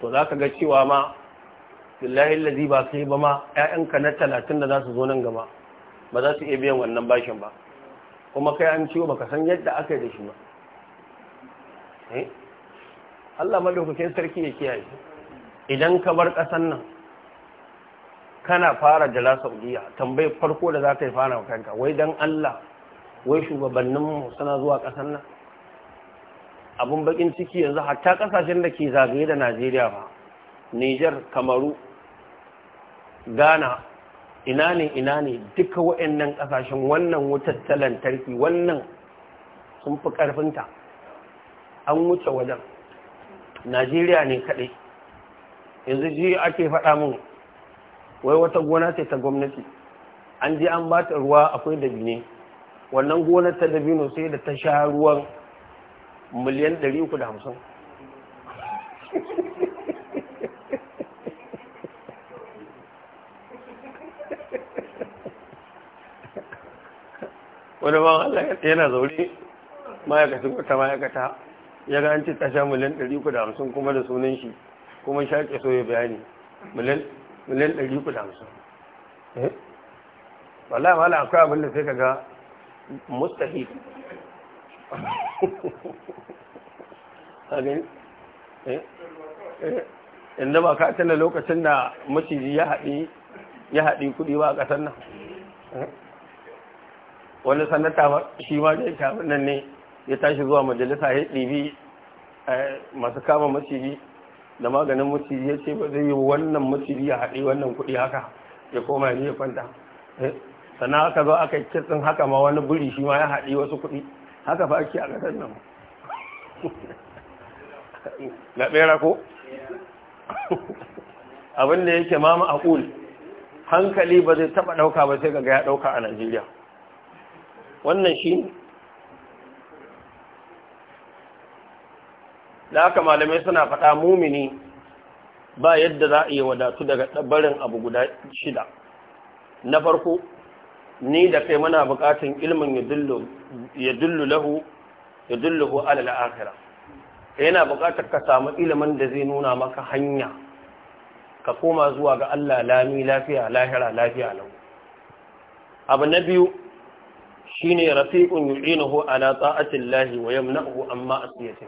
to za ka ga cewa ma billahi allazi ba sai ba ma ƴaƴanka na talatin da za su zo nan gaba ba za su iya biyan wannan bashin ba kuma kai an ciwo baka san yadda aka yi da shi ba Eh, Allah madaukakin sarki ya kiyaye idan ka bar ƙasar nan kana fara jala saudiya tambayar farko da za ka yi fara kanka wai dan Allah wai shugabanninmu suna zuwa ƙasar nan abun bakin ciki yanzu hatta kasashen da ke zagaye da Najeriya ba Nijar, Kamaru, ghana ina ne ina ne duka wa'annan ƙasashen wannan wutar ta lantarki wannan sun fi ƙarfinta an wuce wajen najeriya ne kaɗai yanzu ji ake faɗa mun wai wata gona ce ta gwamnati an ji an ba ta ruwa akwai dabine wannan gonar ta dabino sai da ta sha ruwan miliyan 350 wani ban Allah yana zaure ma'aikacin kuta ma'aikata ya ga an ce tasha miliyan 350 kuma da sunan shi kuma shaƙe so ya bayani miliyan 350 wala wala akwai abin da sai ka ga mustahi eh? eh inda ba ka tana lokacin da maciji ya haɗi kuɗi ba a ƙasar nan eh? wani sanata shi ma da ya nan ne ya tashi zuwa majalisa ya ɗibi eh, masu kama maciji da maganin maciji ya ce ba zai yi wannan maciji ya haɗe wannan kuɗi haka ya koma ya kwanta eh, sannan haka zo aka kitsin haka ma wani buri shi ma ya haɗe wasu kuɗi haka fa ake a ƙasar nan na ɓera ko abin da yake mama a hankali ba zai taɓa ɗauka ba sai ga ya ɗauka a najeriya wannan shi da aka malamai suna faɗa mumini ba yadda za a yi wadatu daga ɗabarin abu guda shida na farko ni da kai muna bukatun ilmin ya dullu lahu ya alal yana bukatar ka samu ilimin da zai nuna maka hanya ka koma zuwa ga Allah lami lafiya lahira lafiya lau abu na biyu shine rafiqun yu'inuhu ala ta'ati lahi wa yamna'uhu amma asiyati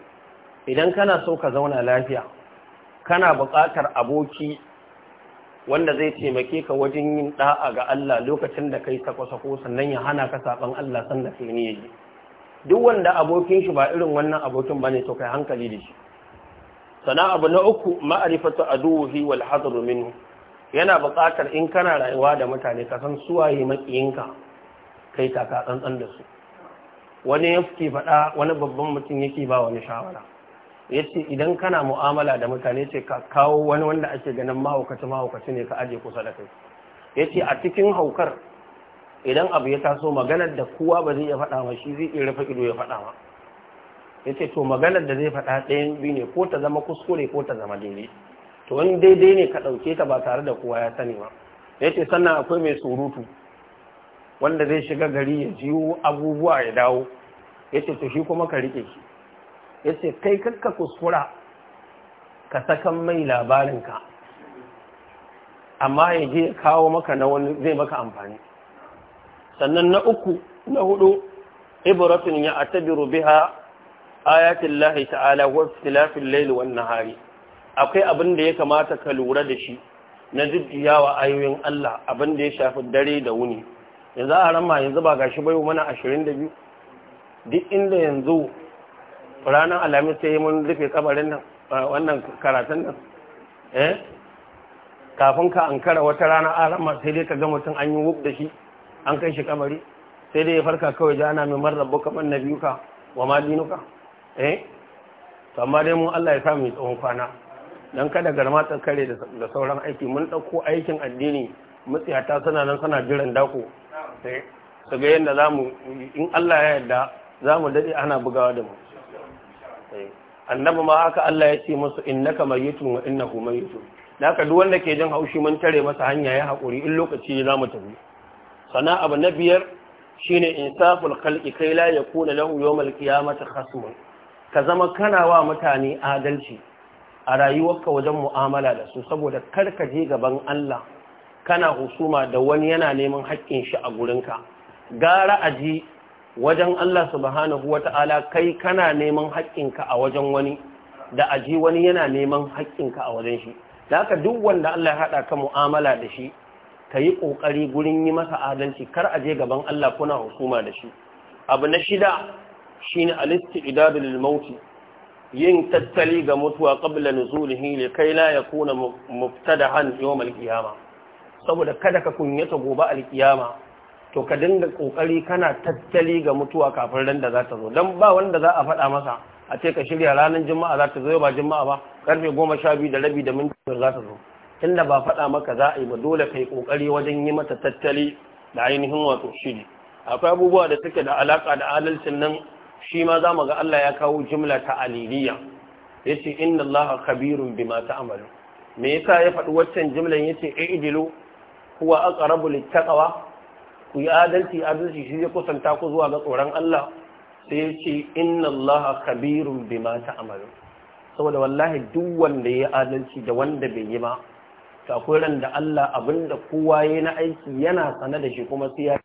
idan kana so ka zauna lafiya kana buƙatar aboki wanda zai taimake ka wajen yin da'a ga Allah lokacin da kai sako ko sannan ya hana ka saban Allah sanda kai ne duk wanda abokin shi ba irin wannan abokin bane to kai hankali da shi sana abu na uku ma'arifatu aduwwihi wal hadru minhu yana buƙatar in kana rayuwa da mutane ka san suwaye makiyinka kai taka tsantsan da su wani yake faɗa wani babban mutum yake ba wani shawara ya ce idan kana mu'amala da mutane ce ka kawo wani wanda ake ganin mahaukaci mahaukaci ne ka aje kusa da kai ya ce a cikin haukar idan abu ya taso maganar da kowa ba zai iya faɗa ma shi zai iya rufe ido ya faɗa ma ya ce to maganar da zai faɗa ɗayan biyu ne ko ta zama kuskure ko ta zama daidai to wani daidai ne ka ɗauke ta ba tare da kowa ya sani ba ya ce sannan akwai mai surutu wanda zai shiga gari ya jiwo abubuwa ya dawo ya ce to shi kuma ka rike shi ya ce kai kakka kuskura ka sakan mai labarinka amma ya je kawo maka na wani zai maka amfani sannan na uku na hudu Ibrahim ya atabiru biha ayatin lahi ta'ala wasu tilafin laili wannan hari akwai abin da ya kamata ka lura da shi na jujjuyawa ayoyin Allah abin da ya shafi dare da wuni yanzu a ramma yanzu ba gashi bai mana ashirin da biyu duk inda yanzu ranar alamis ta yi mun rufe kabarin nan wannan karatun nan eh kafin ka an kara wata rana a ramma sai dai ka ga mutum an yi wuk da shi an kai shi kabari sai dai ya farka kawai ji ana mai marrabu kamar na biyu ka wa ma dinuka eh to amma dai mun Allah ya sa mu tsawon kwana dan kada garma kare da sauran aiki mun dauko aikin addini mutsiyata suna nan suna jiran dako su ga yadda za mu in Allah ya yarda za mu daɗe ana bugawa da mu eh, annabi ma haka Allah ya ce musu innaka mayyitun wa innahu mayyitun naka duk wanda ke jin haushi mun tare masa hanya ya haƙuri in lokaci za mu tafi sana abu na biyar shine insaful khalqi kai la yakuna lahu yawmal qiyamati khasmun ka zama kana wa mutane adalci a rayuwarka wajen mu'amala da su saboda kar ka je gaban Allah kana husuma da wani yana neman haƙƙin shi a gurinka gara a ji wajen Allah subhanahu wata'ala kai kana neman haƙƙinka a wajen wani da a ji wani yana neman ka a wajen shi da haka duk wanda Allah ya haɗa ka mu'amala da shi ka yi ƙoƙari gurin yi masa adalci kar a je gaban Allah kuna husuma da shi abu na shida shine al-istidadu lil mauti yin tattali ga mutuwa qabla nuzulihi kai la yakuna mubtadahan yawm al-qiyamah saboda kada ka kunyata gobe alkiyama to ka dinga kokari kana tattali ga mutuwa kafin ran da za ta zo dan ba wanda za a faɗa masa a ce ka shirya ranar juma'a za ta zo ba juma'a ba karfe goma sha biyu da rabi da minti za ta zo tunda ba faɗa maka za a yi ba dole kai kokari wajen yi mata tattali da ainihin wato shiri akwai abubuwa da suke da alaka da adalcin nan shi ma za mu ga Allah ya kawo jimla ta aliliya ya ce inna Allah khabirun bima ta'malu me yasa ya faɗi waccan jimlan ya ce huwa aqrabu littaqwa ku yi adalci adalci shi zai kusanta ku zuwa ga tsoron Allah sai ya ce inna Allah kabirun bima ta'malu saboda wallahi duk wanda yayi adalci da wanda bai yi ba to akwai ran da Allah abinda kowa yayi na aiki yana sane da shi kuma sai ya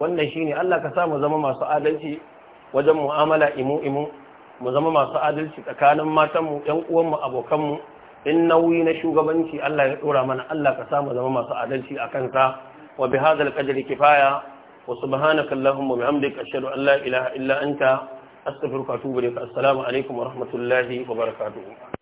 wannan shine Allah ka sa mu zama masu adalci wajen mu'amala imu imu mu zama masu adalci tsakanin matanmu ‘yan uwanmu abokanmu in nauyi na shugabanci Allah ya dora mana Allah ka samu zama masu adalci a kanka wa bi hadha al-qadri kifaya wa subhanaka allahumma bihamdika ashhadu an la ilaha illa anta astaghfiruka wa atubu ilayk assalamu alaikum wa rahmatullahi wa barakatuh